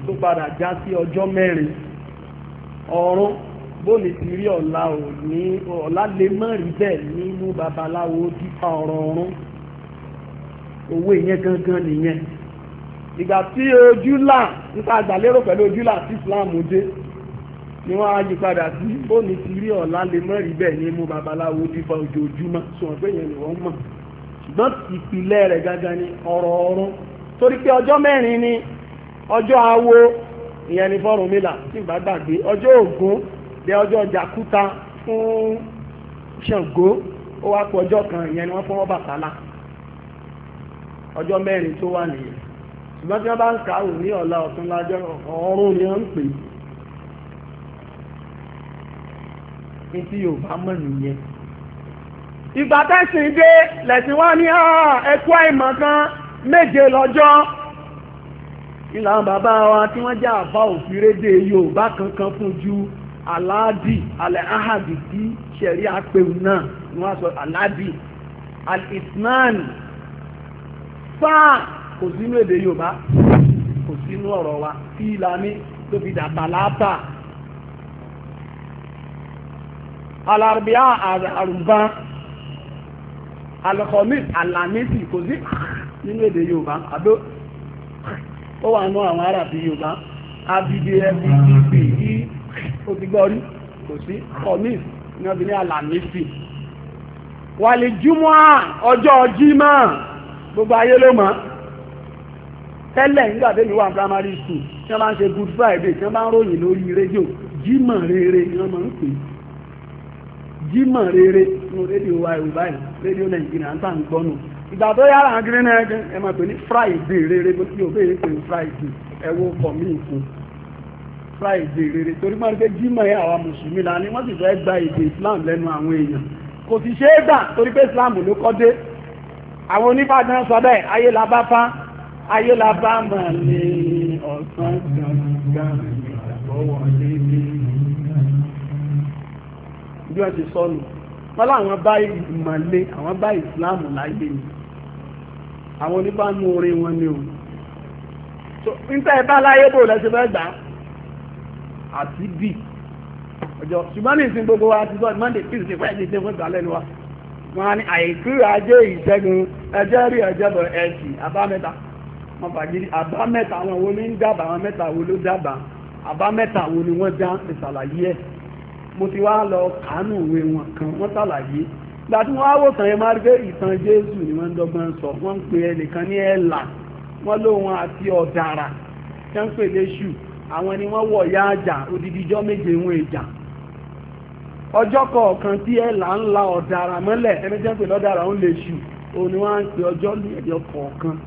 tó padà já sí ọjọ́ mẹ́rin ọ̀run bóòlù ti rí ọ̀la ò ní ọ̀la lè má rí bẹ́ẹ̀ nínú babaláwo dípa ọ̀rọ̀ ọ̀run owó ìyẹn gangan nìyẹn ìgbà tí ojúlà nípa àgbàlérò pẹ̀lú ojúlà tí Islam dé ni wọ́n á yí padà sí bóòlù ti rí ọ̀la lè má rí bẹ́ẹ̀ nínú babaláwo dípa ojoojúmọ́ sọ wọn pé yẹn ni wọ́n mọ̀ ṣùgbọ́n ìpìlẹ̀ rẹ̀ gangan ni ọ̀rọ̀ ọ̀run torí pé ọjọ́ mẹ́rin ni ọjọ́ awo ìyẹn ni fọ́rùn mílà tí ìgbà gbàgbé ọjọ́ ògún bẹ ọjọ́ jàkúta fún Ṣàngó ó wá pọ̀ ọjọ́ kan ìyẹn ni wọ́n fọwọ́ Ọbàtálá ọjọ́ mẹ́rin tó wà nìyẹn ṣùgbọ́n tí wọ́n bá ń kàáwò ní ọ̀la ọ̀tún lájọ́ ọ̀run ni wọ́n ń pè é tí yóò bá mọ̀ nìyẹn ìgbà tẹ́sìn dé lẹ̀sìn wá ní ẹ̀kú àìmọ̀ kan méje lọ́jọ́ ìlànà bàbá wa tí wọ́n jẹ́ àbá òfìrédè Yorùbá kankan fún ju aláàdì alẹ́ ahàdì tí ṣẹ̀rí apẹ̀wò náà ni wọ́n sọ aláàdì al-isnan sáà kò sínú èdè yorùbá kò sínú ọ̀rọ̀ wa tí ìlàmí tó fi dà bàlábà alárùbíà àrùbá alẹ́kọ̀ọ́mí alàmísì kò sí nínú èdè yorùbá àbó ó wà nú àwọn arábí yorùbá abidjan bdb ó ti gbọ́ kò sí kọ̀mís ní ọdún ní àlàmísì júmọ́ gbogbo ayé ló mọ́. tẹ́lẹ̀ primary school tí ń ṣe good friday tí wọ́n bá ń ròyìn lórí rédíò jímọ̀ rere ni wọ́n rere ní rédíò wa yorùbá yìí rédíò nàìjíríà ń friday rere bó bẹ́ẹ̀ ní friday ẹ wo gba èdè rere torí mọ́ pé jímọ̀ yẹn àwọn mùsùlùmí la ni wọ́n sì fẹ́ gba èdè islam lẹ́nu àwọn èèyàn kò sì ṣe é gbà torí pé islam ló kọ́ dé àwọn oníbàdàn sọ bẹ́ẹ̀ ayé la bá fá ayé la bá mọ̀ ní ọ̀sán gangan ìgbàgbọ́wọ́ lébi bí wọ́n ti sọnù wọ́n láwọn bá ìmọ̀lé àwọn bá ìsìláàmù láyé ni àwọn oníbànú orí wọn ni o níta ẹ bá láyé bò lẹ́sẹ̀ fẹ́ gbà á àti b ọjọ́ ṣùgbọ́n ní ìsìn gbogbo wa ti sọ monday tuesday wednesday ṣe fún ìgbàlẹ́nu wa wọn á ní àìkú ajé ìṣẹ́gun ẹjẹ́ rí ẹjẹ́ bọ̀ ẹ̀sì àbámẹ́ta wọn fàgídí àbámẹ́ta àwọn wo ní ń dábàá àwọn mẹ́ta wo ló dábàá àbámẹ́ta wo ni wọ́n já ti ṣàlàyé ẹ̀ mo ti wá lọ kánú òwe wọn kan wọ́n ṣàlàyé ìgbà tí wọ́n á wò tàn yẹn máa rí pé ìtàn jésù ni wọ́n ń dọ́gbọ́n sọ wọ́n ń pe ẹnìkan ní ẹ̀là wọ́n lóun àti ọ̀dàrà tí wọ́n ń pè léṣù àwọn ẹni wọ́n wọ̀ ya àjà odidi méje ń ìjà ọjọ́ kọ̀ọ̀kan tí ẹ là ń la ọ̀daràn mọ́lẹ̀ ẹni tí wọ́n pè lọ́daràn ń lè ṣù òun ni wọ́n á ń pè ọjọ́ ní ẹ̀jọ́ kọ̀ọ̀kan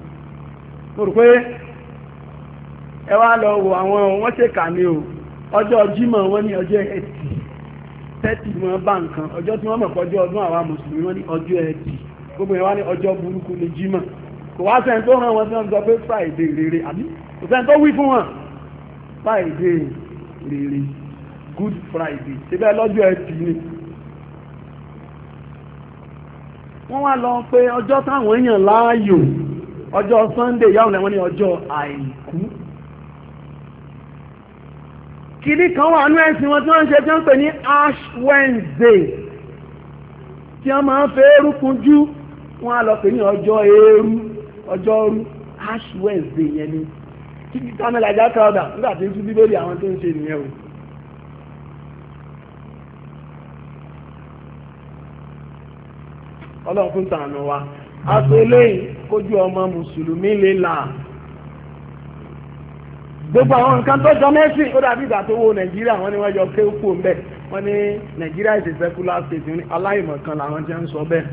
lọ wo àwọn o ọjọ́ wọn bá nǹkan ọjọ́ tí wọ́n mọ̀ pé ọjọ́ ọdún àwa mùsùlùmí ní ọjọ́ ẹtì gbogbo wá ní ọjọ́ burúkú kò wá sẹ́ni tó hàn wọn rere àbí kò sẹ́ni tó friday rere good friday síbẹ̀ lọ́jọ́ ẹtì ni wọ́n wá lọ pé ọjọ́ táwọn èèyàn láàyò ọjọ́ sunday yàwó lẹ́wọ́n ní ọjọ́ àìkú kìíní kan wà ní ẹ̀sìn wọn tí wọ́n ń ṣe tí wọ́n ń pè ní ash wednesday tí wọ́n máa ń fẹ́ eérú kunjú wọ́n á lọ pè ní ọjọ́ eérú ọjọ́ ash wednesday yẹn ni títí tamẹ́lá ajá káwọ́dà nígbà tí ń tú bíbélì àwọn tó ń ṣe nìyẹn o ọlọ́run fún tànù wa aṣọ eléyìí kójú ọmọ mùsùlùmí lè là gbogbo àwọn nǹkan tó jọ mẹ́sìn ó dàbí ìgbà tó wo nàìjíríà wọ́n ní wọ́n yọ pé ó kú ń wọ́n ní nàìjíríà is a secular state ní aláìmọ̀kan làwọn jẹ́ ń sọ bẹ́ẹ̀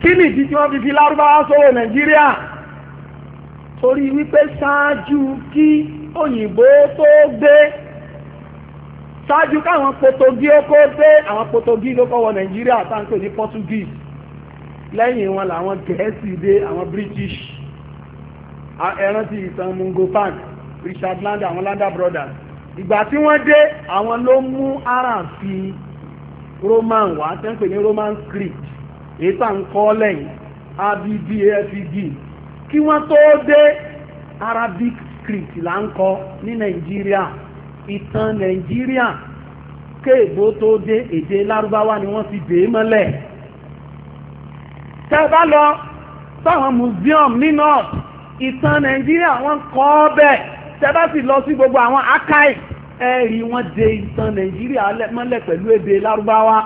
kí nìdí tí wọ́n fi fi lárúbáwá sọ̀rọ̀ nàìjíríà torí wípé ṣáájú kí òyìnbó tó dé ṣáájú káwọn potogi ó kó dé àwọn potogi ló kọ́ wọ nàìjíríà táǹkì ní portuguese lẹ́yìn wọn làwọn gẹ̀ẹ́sì dé àwọn british ẹrántí ìtàn mungo park richard landa àwọn landa brothers ìgbà tí wọ́n dé àwọn ló mú aráàfin roman wá tẹ́ǹpẹ̀ ní roman script èyí tá lẹ́yìn abbafg e kí wọ́n tó dé Arabic script là ń kọ ní Nàìjíríà ìtàn Nàìjíríà kéèbó tó dé èdè Lárúbáwá ni wọ́n ti dè é mọ́lẹ̀ tẹ́ bá lọ sáwọn museum ní north ìtàn Nàìjíríà wọ́n kọ́ ọ́ bẹ́ẹ̀ tẹ́ bá sì lọ sí gbogbo àwọn archive ẹ̀rí wọ́n dè ìtàn Nàìjíríà mọ́lẹ̀ pẹ̀lú èdè Lárúbáwá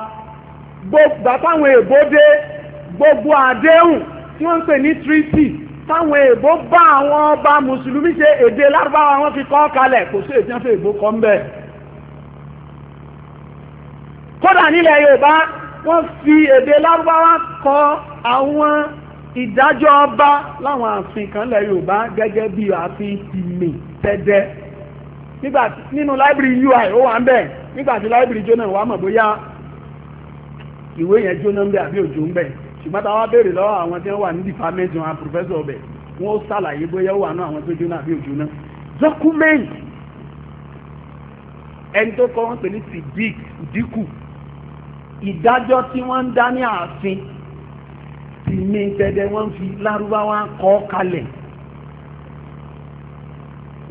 gbàtàwọn èbó dé gbogbo àdéhùn tí wọ́n ń pè ní treaty táwọn èbó bá àwọn ọba mùsùlùmí ṣe èdè lárúbáwá wọn fi kọ́ kalẹ̀ kò sí èdè fún èbó kọ́ ń bẹ̀ kódà nílẹ̀ yorùbá wọ́n fi èdè lárúbáwá kọ àwọn ìdájọ́ ọba láwọn ààfin kan lẹ̀ yorùbá gẹ́gẹ́ bí ààfin tìmì tẹ́dẹ́ nígbàtí nínú library UI ó wà ń bẹ̀ nígbàtí library jóná wà mọ̀ bóyá ìwé yẹn jóná ń bẹ̀ àbí òjò ń bẹ̀ ṣùgbọ́n táwa béèrè lọ́wọ́ àwọn tí wọ́n wà ní department wọn professor ọbẹ̀ wọ́n ṣàlàyé bóyá wà náà àwọn tó jóná àbí òjóná document ẹni tó kọ́ wọn pè ní sidik díkù ìdájọ́ tí wọ́n ń dá ní ààfin ti ní tẹ́tẹ́ wọ́n fi lárúbáwá kọ́ kalẹ̀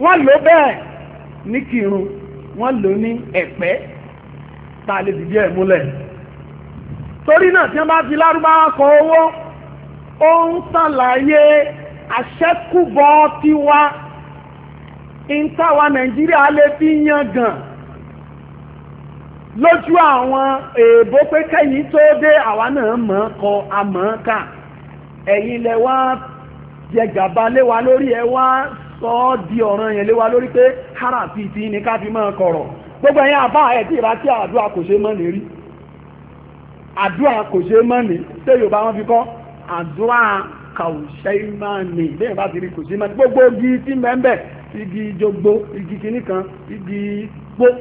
wọ́n lò bẹ́ẹ̀ ní kírun wọ́n lò ní ẹ̀pẹ́ tá a lè dìde ẹ̀ múlẹ̀ torí náà tí wọ́n bá fi lárúbáwá kọ owó ó ń ṣàlàyé àṣẹ́kùbọ̀ tiwa ìntàwà nàìjíríà lè fi yan gàn lójú àwọn èèbó pé kẹ́yìn tó dé àwa náà mọ̀ ọ́n kọ àmọ́ kà lẹ wá jẹgàba lé wa lórí ẹ wá sọ ọ́ di ọ̀ràn yẹn lé wa lórí pé háràfíì tí ní ká fi máa kọ̀rọ̀ gbogbo ẹ̀yin àbá ẹ̀ tí ìrántí àdúrà kò ṣe mọ́ lè rí àdúrà kò ṣe mọ́ ni ṣé yorùbá wọn fi kọ́ àdúrà kàòṣe mọ́ ni bẹ́ẹ̀ bá ti rí kò ṣe mọ́ ni gbogbo igi tí mẹ́ńbẹ̀ igi jogbo igi kìíní kan igi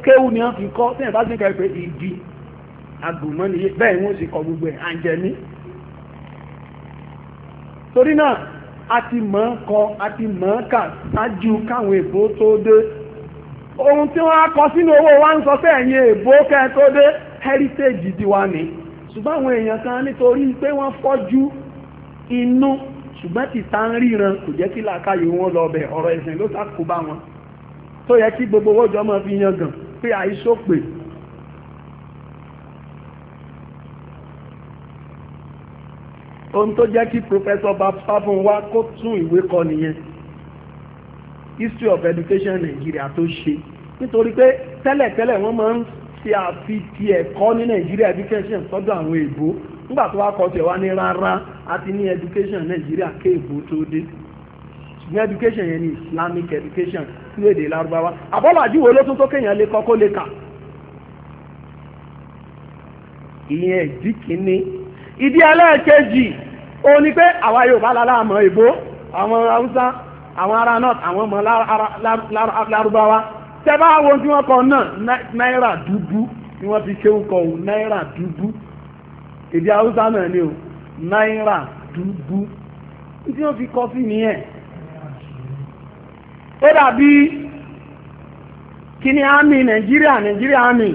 kéwù ni wọ́n fi kọ́ bẹ́ẹ̀ bá ti rí kọ́ pé igi agbòmọ́ni bẹ́ẹ̀ wọ́n sì kọ gbogbo ẹ̀ àǹjẹ̀mí torí náà a ti mọ̀ ń kọ a ti mọ̀ ń kà ṣáájú káwọn èbó tó dé ohun tí wọ́n á kọ sínú owó wa ń sọ sẹ́yìn èbó kẹ́ tó dé heritage tiwa ni ṣùgbọ́n àwọn èèyàn kan nítorí pé wọ́n fọ́jú inú ṣùgbọ́n ti ta ń ríran kò jẹ́ kí làákàyè wọn lọ bẹ̀ ọ̀rọ̀ ẹ̀sìn ló sàkó bá wọn tó yẹ kí gbogbo owó jọmọ fi yangàn pé àìsópè ohun tó jẹ́ kí professor babafun wá kó tún ìwé kọ nìyẹn history of education Nigeria tó ṣe nítorí pé tẹ́lẹ̀tẹ́lẹ̀ wọ́n máa ń tí a fi ti ẹ̀kọ́ ní nàìjíríà education sọ́dọ̀ àwọn èbó nígbà tó wá kọ́ tẹ̀ wá ní rárá a ti ní education nàìjíríà ké èbó tó dé ṣùgbọ́n education yẹn ni islamic education ní èdè lárúbáwá àbọ̀lọ̀ àdìwọ̀ ló tún tó kéèyàn lè kọ́ kó lè kà ìyẹn ìdí kìíní ìdí ẹlẹ́ẹ̀kejì ó ní pé àwa yorùbá lára àmọ́ èbó àwọn haúsá àwọn ará north àwọn ọmọ lárúbáwá tẹ́bá àwọn tí wọ́n kọ náà náírà dúdú ni wọ́n fi ṣe ń kọ òun náírà dúdú èdè haúsá náà ni o náírà dúdú tí wọ́n fi kọ sí nìyẹn ó dàbí kíní àmì nàìjíríà nàìjíríà àmì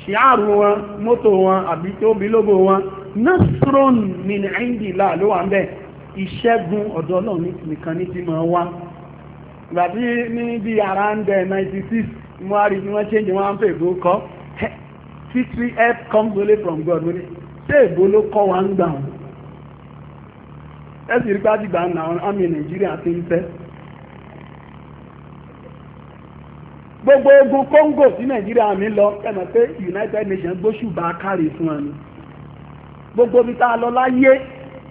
ṣìáàrù wọn mọ́tò wọn àbí tó bí lógo wọn nasron min indila ló wà ń bẹ̀ ìṣẹ́gun ọ̀dọ́ náà nìkan ní ti máa wá ìgbàtí ní bí around 96 muhari ni wọ́n change wọ́n fẹ́ èbó kọ́ victory help comes only from God lórí ṣé èbó ló kọ́ wa ń ẹ sì rí pàtí gbà ọmọ Nàìjíríà ti ń gbogbo ogun Congo sí Nàìjíríà mi lọ ẹ̀mọ̀ pé United Nations gbóṣùbà kárí fún gbogbo mi tá a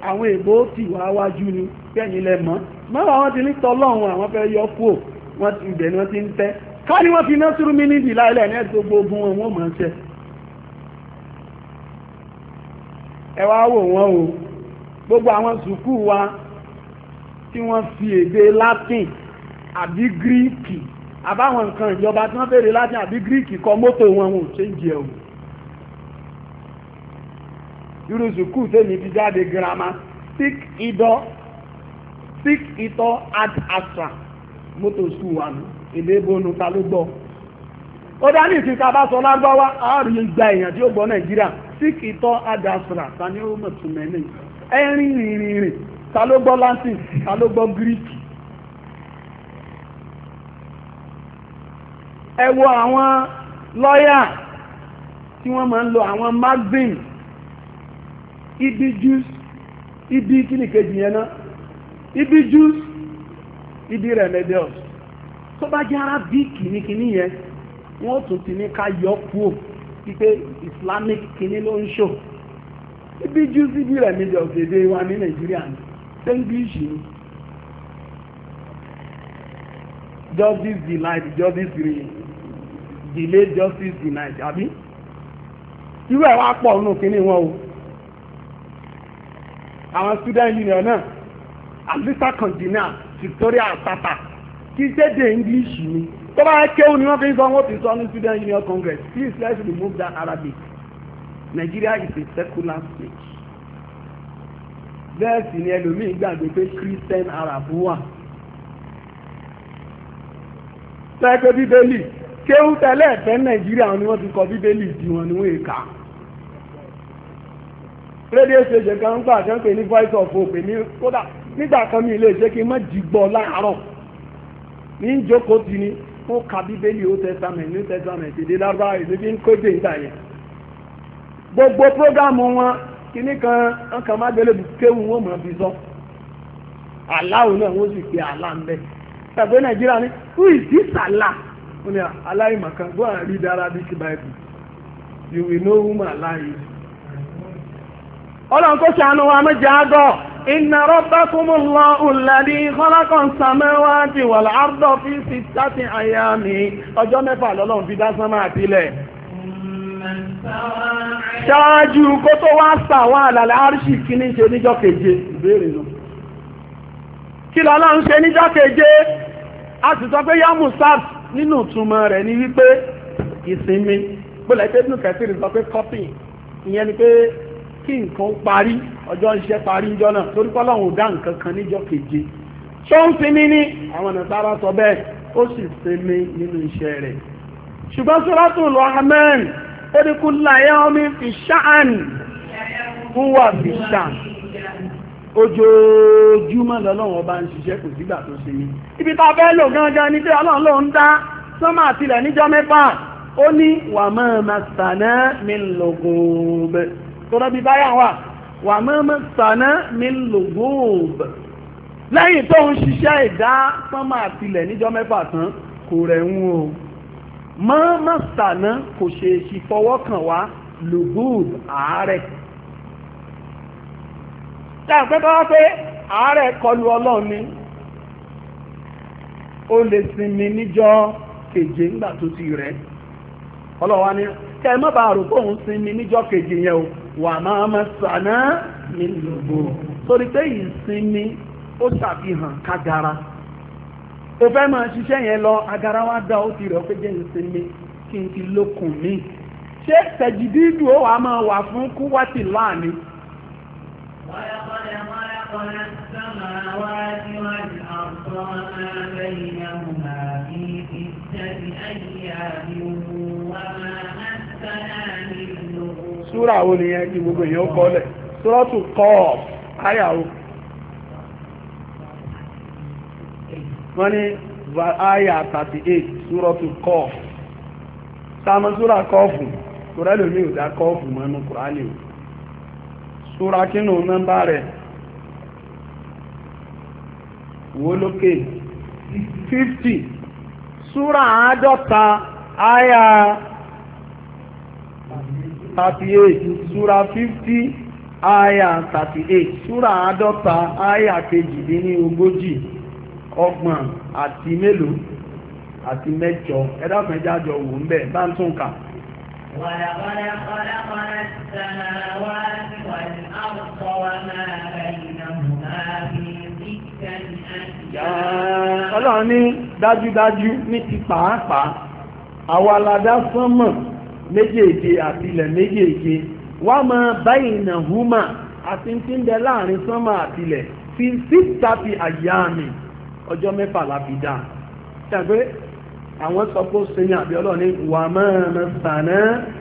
àwọn èbó ti wà wájú ni pẹ́yìn lẹ́mọ́ mọ́ra wọn ti ní tọ́lọ́run àwọn fẹ́ yọ kúò wọ́n ti ibẹ̀ ni wọ́n ti ń tẹ́ ká ní wọ́n fi iná sírú mi níbi láìlẹ̀ ní ẹ̀sùn gbogbo wọn wọ́n mọ̀ ń ṣe ẹ wá wò wọ́n o gbogbo àwọn sùkú wa tí wọ́n fi èdè Latin àbí Gíríìkì àbáwọn nǹkan ìjọba tí wọ́n fèrè Latin àbí Gíríìkì kọ mọ́tò wọn wọn ò ṣe ń jẹ òun irú sùkú tèmi ti jáde girama sick idọ́ sick itọ́ ad astra mọ́tò sùkú wa nù èlé bónú ta ló gbọ́ ó dá ní ìsìnká bá sọ lágbáwá àárín ìgbà èèyàn tí ó gbọ́ nàìjíríà sick itọ́ ad astra ta ni ó mọ̀ tún mẹ́lẹ̀ ẹ̀rín rìnrìn rìn ta ló gbọ́ latin ta ló gbọ́ greek ẹ wo àwọn lọ́yà tí wọ́n máa ń lo àwọn magazine ibi juice ibi kíni kejì yẹn náà ibi juice ibi remedios tó bá jẹ́ arabic ní kíní yẹn wọ́n tún ti ní ká yọ kúò wípé islamic kíní ló ń ṣò ibi juice ibi remedios èdè wa ní nàìjíríà ní english ni justice denied justice green. delayed justice denied àbí irú ẹ̀ wá pọ̀ nù kíní wọn o àwọn student union náà alisa kandina victoria asata kì í ṣe english ni tó bá kéwù ni wọ́n fi ń sọ wọ́n fi sọ ní student union congress please let's remove that arabic nigeria is a secular state bẹ́ẹ̀ sì ni ẹlòmíì gbàgbé pé christian arab wà tẹ́kọ̀ bíbélì kéwù tẹ́lẹ̀ ẹ̀fẹ́ nàìjíríà ni wọ́n ti kọ bíbélì di wọn ni wọ́n èka. rédíò station kan ń gbà tí wọ́n pè ní voice of hope ní kódà nígbà kan mi lè ṣe kí n má jìgbọ́ láàárọ̀ ní ìjókòó ti ni mo testament new testament èdè gbogbo programu wọn kìíní kan wọn má gbélé kéwù wọn mọ̀ bí sọ aláwo náà ala sì pe àlá ń bẹ́ nàìjíríà who is this Allah go and ọlọ́run tó ṣàánú wa mẹ́jẹ àgọ́ inna rabbakumullahu alladhi khalaqa as-samawati wal arda fi sittati ayami ọjọ́ mẹ́fà lọ́lọ́run fi dá sánmà àtilẹ̀ ṣáájú kó tó wá sàwọn àlàlẹ́ àríṣì kí ní ṣe níjọ́ keje ìbéèrè lọ kí lọ́lọ́run ṣe níjọ́ keje a sì sọ pé yamu sars nínú ìtumọ̀ rẹ̀ ni wípé ìsinmi gbọ́dọ̀ ẹgbẹ́ sọ pé kọ́pì ìyẹn ni pé kí nǹkan parí ọjọ́ iṣẹ́ parí níjọ́ náà torí pé Ọlọ́run ò dá nǹkan kan níjọ́ keje tó ń sinmi ní àwọn nàìjíríà sọ bẹ́ẹ̀ ó sì sinmi nínú iṣẹ́ rẹ̀ ṣùgbọ́n Suratul Rahman ó ní kulla yawmin fi sha'an huwa fi sha'an ojoojúmọ́ lọ́lọ́run ọba ń ṣiṣẹ́ kò sígbà tó sinmi ibi tá a fẹ́ lò gangan ni pé Ọlọ́run ló ń dá sánmà àtìlẹ̀ níjọ́ mẹ́fà ó ní wàmọ́ màsánà min lugub bẹ́ẹ̀ tọ́lọ́ bí báyà wà wà mọ́mọ́ tàná mi lò góòbù lẹ́yìn tó ń ṣiṣẹ́ ìdá sánmà àtìlẹ̀ níjọ́ mẹ́fà tán kò rẹ̀ ń o mọ́mọ́ tàná kò ṣèṣì fọwọ́ kàn wá lò góòbù àárẹ̀ tàbí bá pé àárẹ̀ kọlu ọlọ́run ni ó lè sinmi níjọ́ keje ńgbà tó ti rẹ̀ ọlọ́wà ni kẹ́ ẹ má bàa rò pé òun sinmi níjọ́ keje yẹn o wà máa ma sànà nílùú torí pé ìsinmi ó ṣàfihàn kagara o fẹ́ máa ṣiṣẹ́ yẹn lọ agara wa dá ó ti rẹ̀ ó pé jẹ́ ìsinmi kí n ti lókun mi ṣé tẹ̀jìdídù ó wàá máa wà fún kúwátì láàánú. وما أسأل من súra wo nìyẹn kí gbogbo èèyàn kọ́lẹ̀ sọ́ọ̀tù kọ́ọ̀f kọọf wọ́n ní áyà 38 súrọ̀tù kọ́ọ̀f sáàmù súra kọ́ọ̀fù kọọfụ. lómi ò dá kọ́ọ̀fù mọ́nú kùránì ò súra kínú nọ́mbà rẹ̀ wo lókè 50 súra àádọ́ta áyà 38 súra 50 àyà 38 súra àádọ́ta àyà kejìdínlógójì ọgbọ̀n àti mélòó àti mẹ́jọ ẹ̀dàkùn ẹjá jọ wò ń bẹ̀ bá ń tún kà. ولقد Ọlọ́run ní dájúdájú ní ti pàápàá, àwa la dá sánmọ̀ méjèèje àti ilẹ̀ méjèèje wà máa báyìí nà húmà àti ti ń bẹ láàrin sánmà àti fi síta fi àyà mi ọjọ́ mẹ́fà láfi dá ṣàgbé àwọn sọ pé ní àbí ní wà máa ma sànà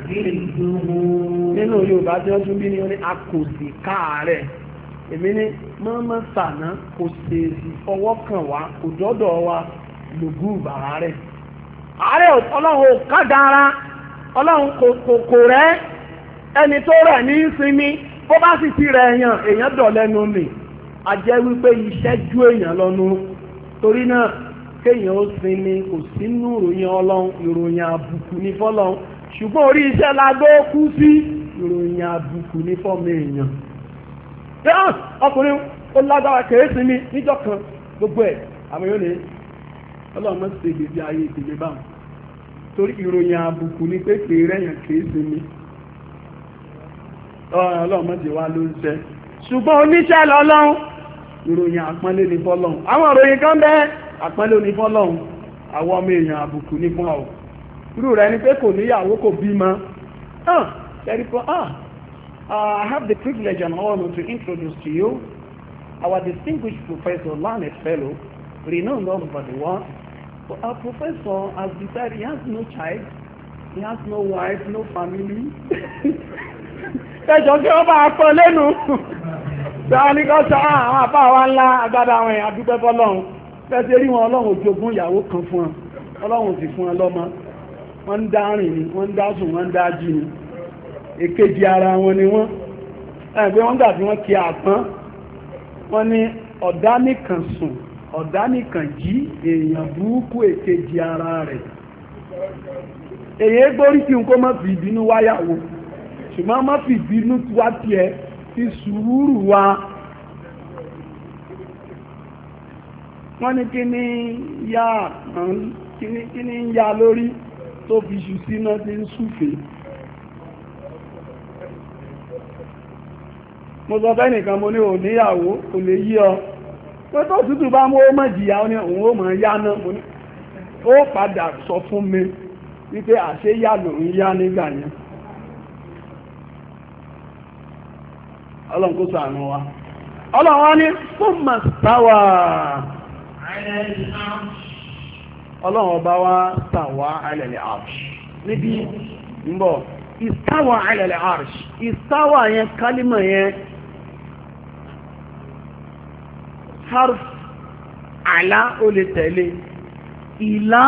nínú Yorùbá tí wọ́n tún bí ní káàárẹ̀ èmi ní sànà kò fọwọ́ kàn wá kò dọ́dọ̀ wa lògùn bàárẹ̀ ọlọ́run ò ọlọ́run kò rẹ́ ẹni tó rẹ̀ ní sinmi bó bá sì ti rẹ̀ èèyàn èèyàn dọ̀lẹ́nu nì a jẹ́ wípé iṣẹ́ ju èèyàn lọ́nu torí náà kéèyàn ó sinmi kò sínú ìròyìn ọlọ́run ìròyìn àbùkù ní fọ́lọ́run ṣùgbọ́n orí iṣẹ́ la gbé kú sí ìròyìn àbùkù ní fọ́mọ èèyàn dáhùn ọkùnrin ó lágbára kérésì mi níjọ́ kan gbogbo ẹ̀ àmọ́ yóò ní ọlọ́run mọ́ sí ìgbésí ayé ìgbésí báwọn torí ìròyìn àbùkù ní pé pè rẹ̀yàn kéèsì ni ọlọ́mọdé wá ló ń ṣe ṣùgbọ́n oníṣẹ́ lọ́lọ́run ìròyìn àpọ́nlé ní fọ́lọ́run àwọn ìròyìn kan bẹ́ àpọ́nlé ní fọ́lọ́run àwọn ọmọ èèyàn àbùkù ní fún ọ irú rẹ̀ ni pé kò níyàwó kò bímọ ah, I have the privilege and honor to introduce to you our distinguished professor, learned fellow, renowned all over the world, A our professor has decided he has no child, he has no wife, no family. Ẹjọ́ kí wọ́n bá a pọ̀ lẹ́nu. Sọ́wọ́n ní kọ́ sọ́wọ́ àwọn àbá wa ńlá agbada àwọn èèyàn dúpẹ́ fọ́lọ́run. Fẹ́ẹ́ ṣe rí wọn ọlọ́run òjogún ìyàwó kan fún wọn. Ọlọ́run ò sì fún wọn lọ́mọ. Wọ́n ń dá rìn ni, wọ́n ń dá sùn, wọ́n ń dá jí ni. Èkejì ara wọn ni wọ́n. Ẹ̀gbẹ́ wọn gbà tí wọ́n kí àpọ́n. Wọ́n ní ọ̀dá nìkan sùn ọ̀dánìkàn jí èèyàn burúkú èkejì ara rẹ̀ èyí gbórí kí n kó má fi ìbínú wáyàwó ṣùgbọ́n má fi ìbínú wá tiẹ̀ fi sùúrù wa wọ́n ní kí ni yá kí ń ya lórí tó fi ṣù síná ti ń súfèé mo sọ fẹ́ nìkan mo ní òníyàwó kò lè yí ọ pé tó tútù bá mú ó jìyà ó ní ya, ó mọ̀ náà mo ní ó padà sọ fún mi wípé àṣé yà lòun yá nígbà yẹn ọlọ́run kó sọ àánú wa ọlọ́run wa ní fún màsítáwà ọlọ́run ọba wa tàwa alẹ́lẹ́ àrùsì níbi ń bọ̀ yẹn yẹn harf àlá ó lè tẹ̀lé ìlà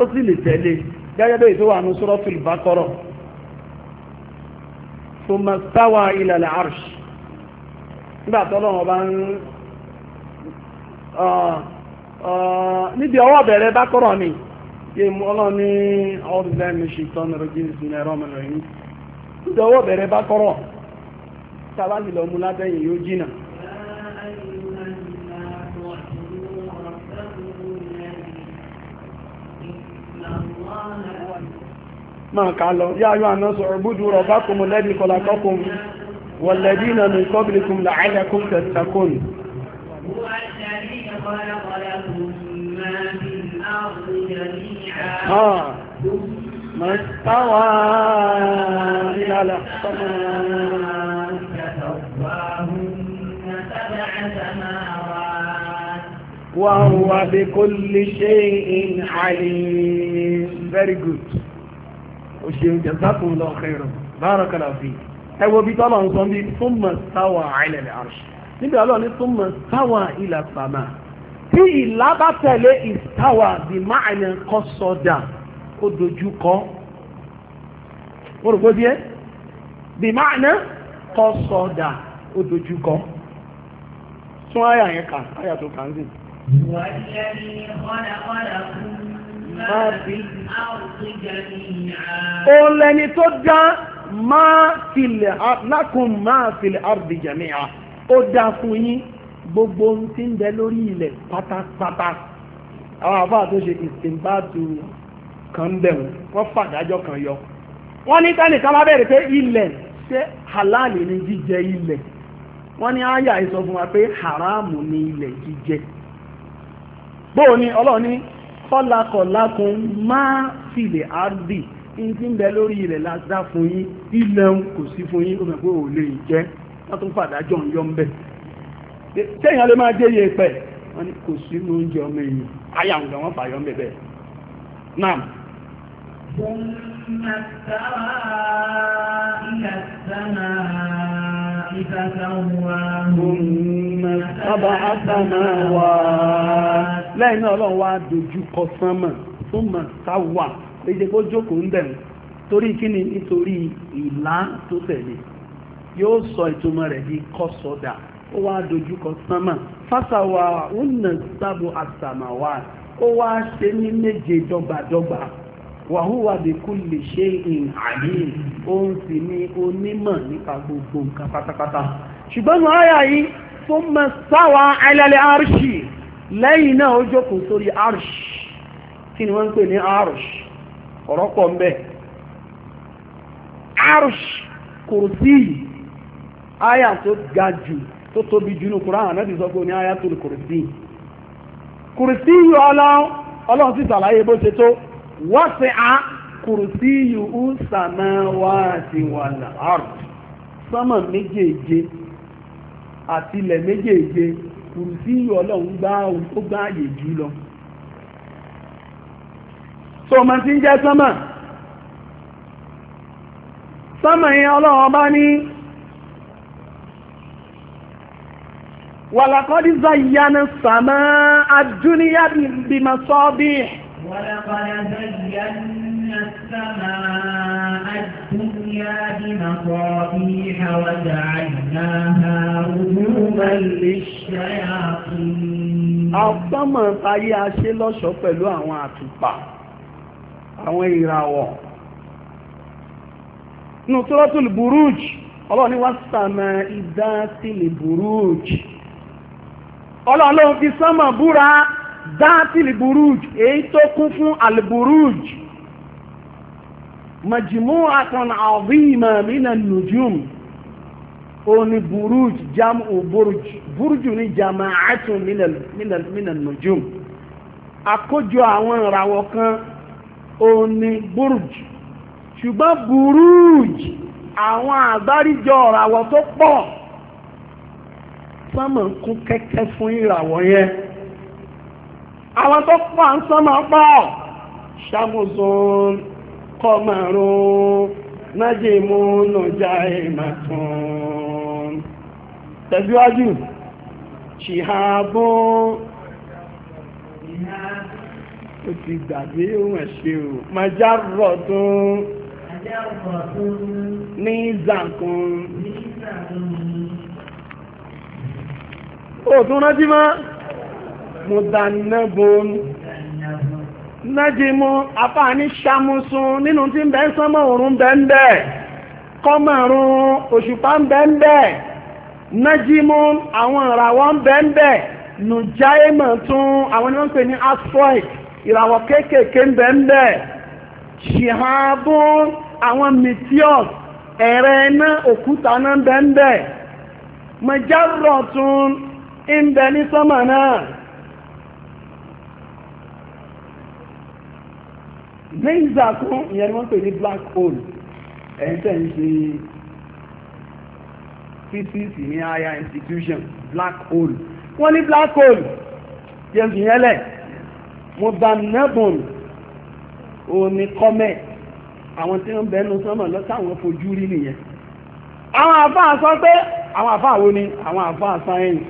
ó sì lè tẹ̀lé gẹ́gẹ́ bẹ́ẹ̀ tó wà ní Suratul Baqarah thumma stawa ila al-arsh nígbà tọ́lọ́wọ́n bá ń níbi ọwọ́ bẹ̀rẹ̀ Baqarah ni yé mu ọlọ́run máa kà lọ yá yóò àná sọ ọ̀gbúdù rọ̀bá kò mọ̀ lẹ́bí kọlákọ́kùn wọ̀lẹ́bí na ní kọ́bìlìkùn làáyàkùn tẹ̀sàkùn وهو بكل شيء عليم very good ó ṣeun jazakumullahu khairan bárakàlá fi ẹ wo bí tọ́lọ̀ ń sọ bí thumma stawa ala al-arsh níbi ọlọ́ ní thumma stawa ila sama tí ìlà bá tẹ̀lé istawa bí ma'na qasada ó dojú kọ́ mo rò gbódìé bí ma'na qasada ó dojú tún àyà yẹn kà àyà tó kà ń sìn. wàá ní kọ́nà kọ́nà fún mi. máa fi ó lẹni tó dá máa filẹ̀ lákùn máa filẹ̀ jami'a ó dá fún gbogbo ohun tí ń bẹ lórí ilẹ̀ pátápátá àwọn àbá tó ṣe ìsìnbátu kan bẹ̀rù wọ́n kan yọ wọ́n ní tẹ́nìkan bá bẹ̀rẹ̀ pé ilẹ̀ ṣé halal ni jíjẹ ilẹ̀ wọ́n ní àyà ìsọ fún wa pé haramu ni ilẹ̀ jíjẹ bóò ni kọ́lákọ̀ lákun máa fìlẹ̀ àdì in ń bẹ lórí ilẹ̀ lásá fún yín ilẹ̀ kò sí fún yín òmìnir pé lè jẹ́ wọ́n fàdájọ́ ń yọ ń bẹ̀ téèyàn lè máa jẹ́yẹ pẹ̀ wọ́n ní kò sí ló ń jẹ ọmọ èèyàn ayà ń gbà wọ́n fàyọ́ ń bẹ̀ bẹ́ẹ̀ náà. ثم استوى إلى السماء lẹ́yìn náà ọlọ́run wá kọ sánmà fún màtáwà èdè kó jókòó ń bẹ̀rù torí kíni nítorí ìlà tó tẹ̀lé yóò sọ ìtumọ̀ rẹ̀ di kọ́sọ̀dà ó wá dojú kọ sánmà fásàwà ó nà sábò àsàmàwà ó wá ṣe ní méje wàhúwà bí kú lè ṣe ìhàní òun sì ni onímọ̀ nípa gbogbo nǹkan pátápátá ṣùgbọ́n nù áyà yìí tó mọ sáwà alẹ́lẹ́ arṣì lẹ́yìn náà ó jókòó sórí arṣì kí ni wọ́n ń pè ní arṣì ọ̀rọ̀ pọ̀ ń bẹ arṣì kùrùsí áyà tó ga jù tó tóbi jù ní Kùránì ànábì sọ pé ó ní áyà tó kùrùsí kùrùsí yìí ọlọ́run sì ṣàlàyé bó ṣe tó wasi'a kursiyuhu samawati àti ilẹ̀ méjèèje ọlọ́run gbá ohun tó gbá àyè jù lọ ń jẹ́ sánmà sánmà yẹn ọlọ́run ní wàlàkọ́dí sàmà bímọ sọ́ọ́bì ولقد زينا السماء الدنيا بمصابيح وجعلناها رجوما للشياطين àtọ́mọ̀ táyé a ṣe lọ́ṣọ̀ọ́ pẹ̀lú àwọn àtùpà àwọn ìràwọ̀ nù tọ́lọ́tùlù burúj ọlọ́ni wá sàmà ìdá sílì burúj ọlọ́run fi sánmà búra dátìlì burúj èyí tó kún fún alburúj majmu'atan azima minan nujum oni buruj jam'u buruj buruj ni jama'atu minal minal minal nujum àkójọ àwọn ìràwọ̀ kan oni buruj ṣùgbọ́n buruj àwọn àgbáríjọ ìràwọ̀ tó pọ̀ sánmọ̀ kún kẹ́kẹ́ fún ìràwọ̀ yẹn àwọn tó pọ̀ ń sọ́mọ́ pọ̀ ṣàmùsùn kọmọ̀rún májèmú nàjà ìmàtún tẹ̀síwájú ṣìhàbọ́ ó ti gbàgbé ohun ẹ̀ṣẹ́ o májàrọ̀ tún ní ìzàkùn ó tún rántí máa mùdánnábùn nájímú afáàní ṣàmùsùn nínú tí ń bẹ sánmọ̀ òrùn bẹ́ńbẹ́ kọ́mọ̀rún òṣùpá ń bẹ́ńbẹ́ nájímú àwọn ìràwọ̀ ń bẹ́ńbẹ́ nùjáìmọ̀ tún àwọn ni wọ́n pè ní asteroid ìràwọ̀ kéékèèké ń bẹ́ńbẹ́ ṣìhábùn àwọn meteors blazer kún ìyẹn ni wọ́n pè ní black hole ẹ̀yin tẹ̀ ń ṣe physics ní higher institution black hole wọ́n ní black hole yẹn fi yẹn lẹ̀ mobanabon òní comet àwọn tí wọ́n bẹ̀ẹ́nu sọ́mọ̀ lọ́sàwọn fojú rí nìyẹn àwọn àfáà sọ pé àwọn àfáà wo ni àwọn àfáà sáyẹ́ǹsì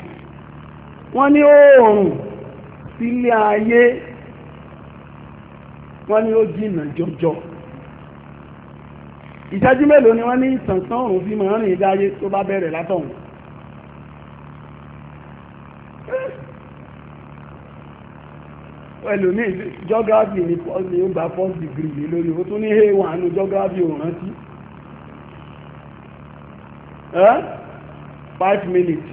wọ́n ní oòrùn sílé ayé wọ́n ní ó jìnnà jọjọ ìṣẹ́jú mélòó ni wọ́n ní ìtànsán òun fi máa rìn dáyé tó bá bẹ̀rẹ̀ látọ̀hún pẹ̀lú ní geography ní pọ́sí ó gba first degree ní lórí ó tún ní hey wà ní geography ò rántí ẹ́ five minutes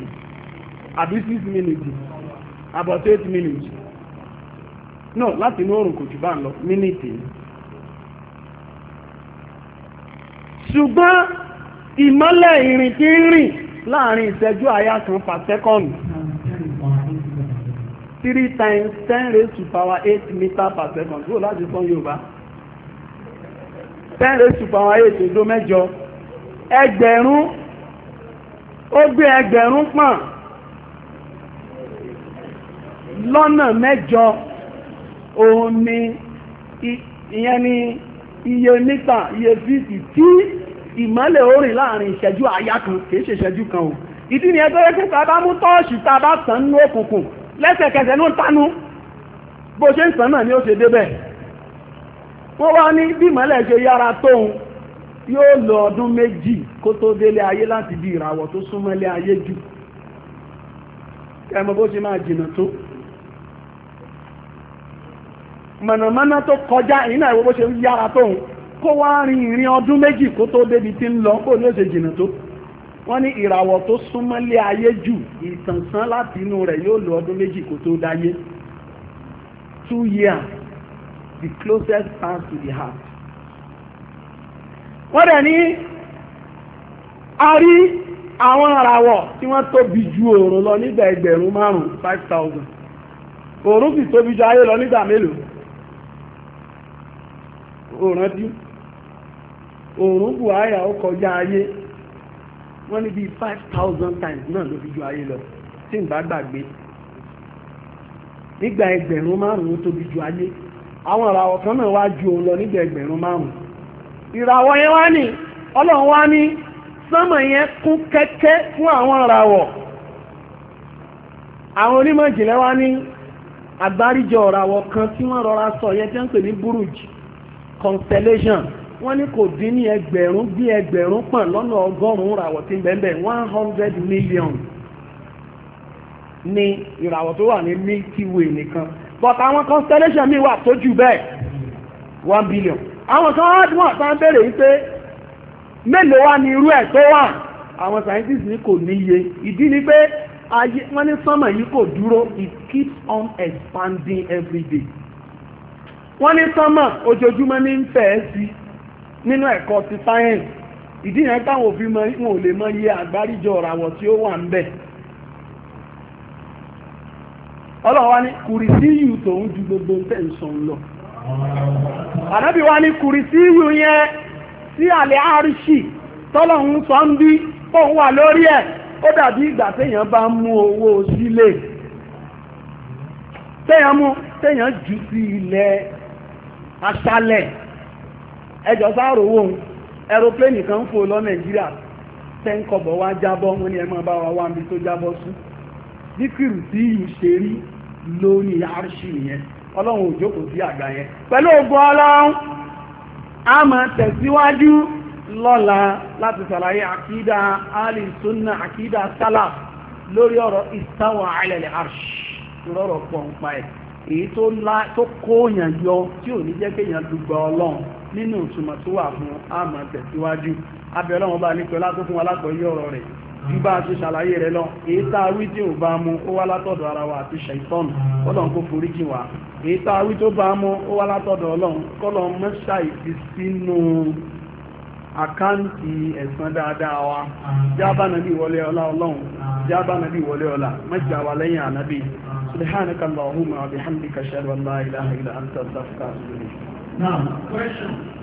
àbí six minutes about eight minutes no láti inú oòrùn kò jù bá ń lọ mínítì ṣùgbọ́n ìmọ́lẹ̀ ìrìn tí ń rìn láàrin ìṣẹ́jú àyà kan per second three times ten raised to power eight meter per second kúrò láti sọ Yorùbá ten raised to power eight ìdó mẹ́jọ ẹgbẹ̀rún ó gbé ẹgbẹ̀rún pọ̀n lọ́nà mẹ́jọ òun ni ìyẹn ni iye mítà iye fíìtì tí ìmọ́lẹ̀ orin láàrin ìṣẹ́jú àyá kan kìí ṣe ìṣẹ́jú kan o ìdí ni ẹgbẹ́ rẹ́kẹ́ tàbá mú tọ́ọ̀ṣì tàbá sàn nínú òkùnkùn lẹ́sẹ̀kẹsẹ̀ ló ń tánú bó ṣe ń sàn náà ni ó ṣe débẹ̀ wọ́n wá ní bí ìmọ́lẹ̀ ṣe yára tóun yóò lọ ọdún méjì kó tó délé ayé láti di ìràwọ̀ tó súnmọ́lé ayé jù kẹmọ bó ṣe máa jìnà tó mọ̀nàmọ́ná tó kọjá ìyìn náà ìwọ́bó ṣe ń yára tóun kó wá rin ìrìn ọdún méjì kó tó débi tí ń lọ kó ní òṣè jìnnà tó wọ́n ní ìràwọ̀ tó súnmọ́lé ayé jù ìtànsán láti inú rẹ̀ yóò lo ọdún méjì kó tó dáyé two years the closest pass to the heart wọ́n dẹ̀ ní a rí àwọn àràwọ̀ tí wọ́n tóbi ju òòrùn lọ nígbà ẹgbẹ̀rún márùn-ún five thousand òòrùn sì tóbi ju ayé lọ nígbà mélòó òrántí òòrùn bù àyà ó kọjá ayé wọ́n ní bí five times náà ló fi ju ayé lọ tí n bá gbàgbé nígbà ẹgbẹ̀rún márùn-ún ju ayé àwọn ìràwọ̀ kan náà wá ju òun lọ nígbà ẹgbẹ̀rún márùn-ún ìràwọ̀ yẹn wá ní ọlọ́run wá ní sánmọ̀ yẹn kún kẹ́kẹ́ fún àwọn ìràwọ̀ àwọn onímọ̀ ìjìnlẹ̀ wá ní kan tí wọ́n rọra sọ yẹn tí wọ́n pè ní constellation wọ́n ní kò dín ní ẹgbẹ̀rún bí ẹgbẹ̀rún pọ̀n lọ́nà ọgọ́rùn-ún ìràwọ̀ tí ń bẹ̀ẹ̀bẹ̀ one hundred million ní ìràwọ̀ tó wà ní Milky Way nìkan but àwọn constellation mi wà tó jù bẹ́ẹ̀ one billion àwọn kan wá wọ́n tán bẹ̀rẹ̀ wípé mélòó wá ní irú ẹ̀ tó wà àwọn scientists ní kò níye ìdí ni pé wọ́n ní sánmà yìí kò dúró it keeps on expanding every day wọ́n ní sọ́mọ̀ ojoojúmọ́ ní ń fẹ̀ sí nínú ẹ̀kọ́ ti sáyẹ̀nsì ìdí yẹn táwọn òfin mọ wọn ò lè mọ iye àgbáríjọ ọ̀ràwọ̀ tí ó wà ń bẹ̀. ọlọ́wọ́ ní kùrìsíyù tòun ju gbogbo tẹ̀sán lọ. ànábì wa ní kùrìsíyù yẹn sí àlẹ́ àríṣì tọ́lọ́hún sọ ń bí fóun wà lórí ẹ̀ ó dàbí ìgbà téèyàn bá mú owó sílẹ̀ téèyàn mú téèyàn jù sí ilẹ̀ aṣálẹ̀ ẹjọ́ sáàrò owó ẹ̀rọpléènì kan ń fò lọ nàìjíríà tẹ́ńkọ̀bọ̀ wá jábọ́ wọn ni ẹ bá wa wá tó jábọ́ sí díkìrù tí yìí ṣe rí lórí àrṣì yẹn ọlọ́run ò jókòó sí àgbà yẹn pẹ̀lú ọlọ́run a máa tẹ̀síwájú lọ́la láti ṣàlàyé àkídà àkídà sálà lórí ọ̀rọ̀ ìsáwọ̀ èyí tó kó èèyàn yọ tí ò ní jẹ́ kéèyàn dùgbà ọlọ́run nínú ìtumọ̀ tó wà fún àmà tẹ̀síwájú abẹ́ ọlọ́run bá nípe látó fún alákọ̀ọ́yé ọ̀rọ̀ rẹ̀ bí bá ti ṣàlàyé rẹ̀ lọ èyí tá a wí tí ò bá mu ó wá látọ̀dọ̀ ara wa àti ṣẹ̀tọ́n ọlọ́run kó forí jì wá èyí tá a wí tó bá mu ó wá látọ̀dọ̀ ọlọ́run kọ́lọ́ mọ́ṣáì ti sínú àkáǹtì ẹ̀sán dáadáa wa jábá nàbí wọlé ọlá ọlọ́run jábá nàbí wọlé ọlá mẹ́jọ àwà lẹ́yìn ànábì subhanaka allahumma wa bihamdika ashhadu an la ilaha illa anta astaghfiruka wa atubu ilayk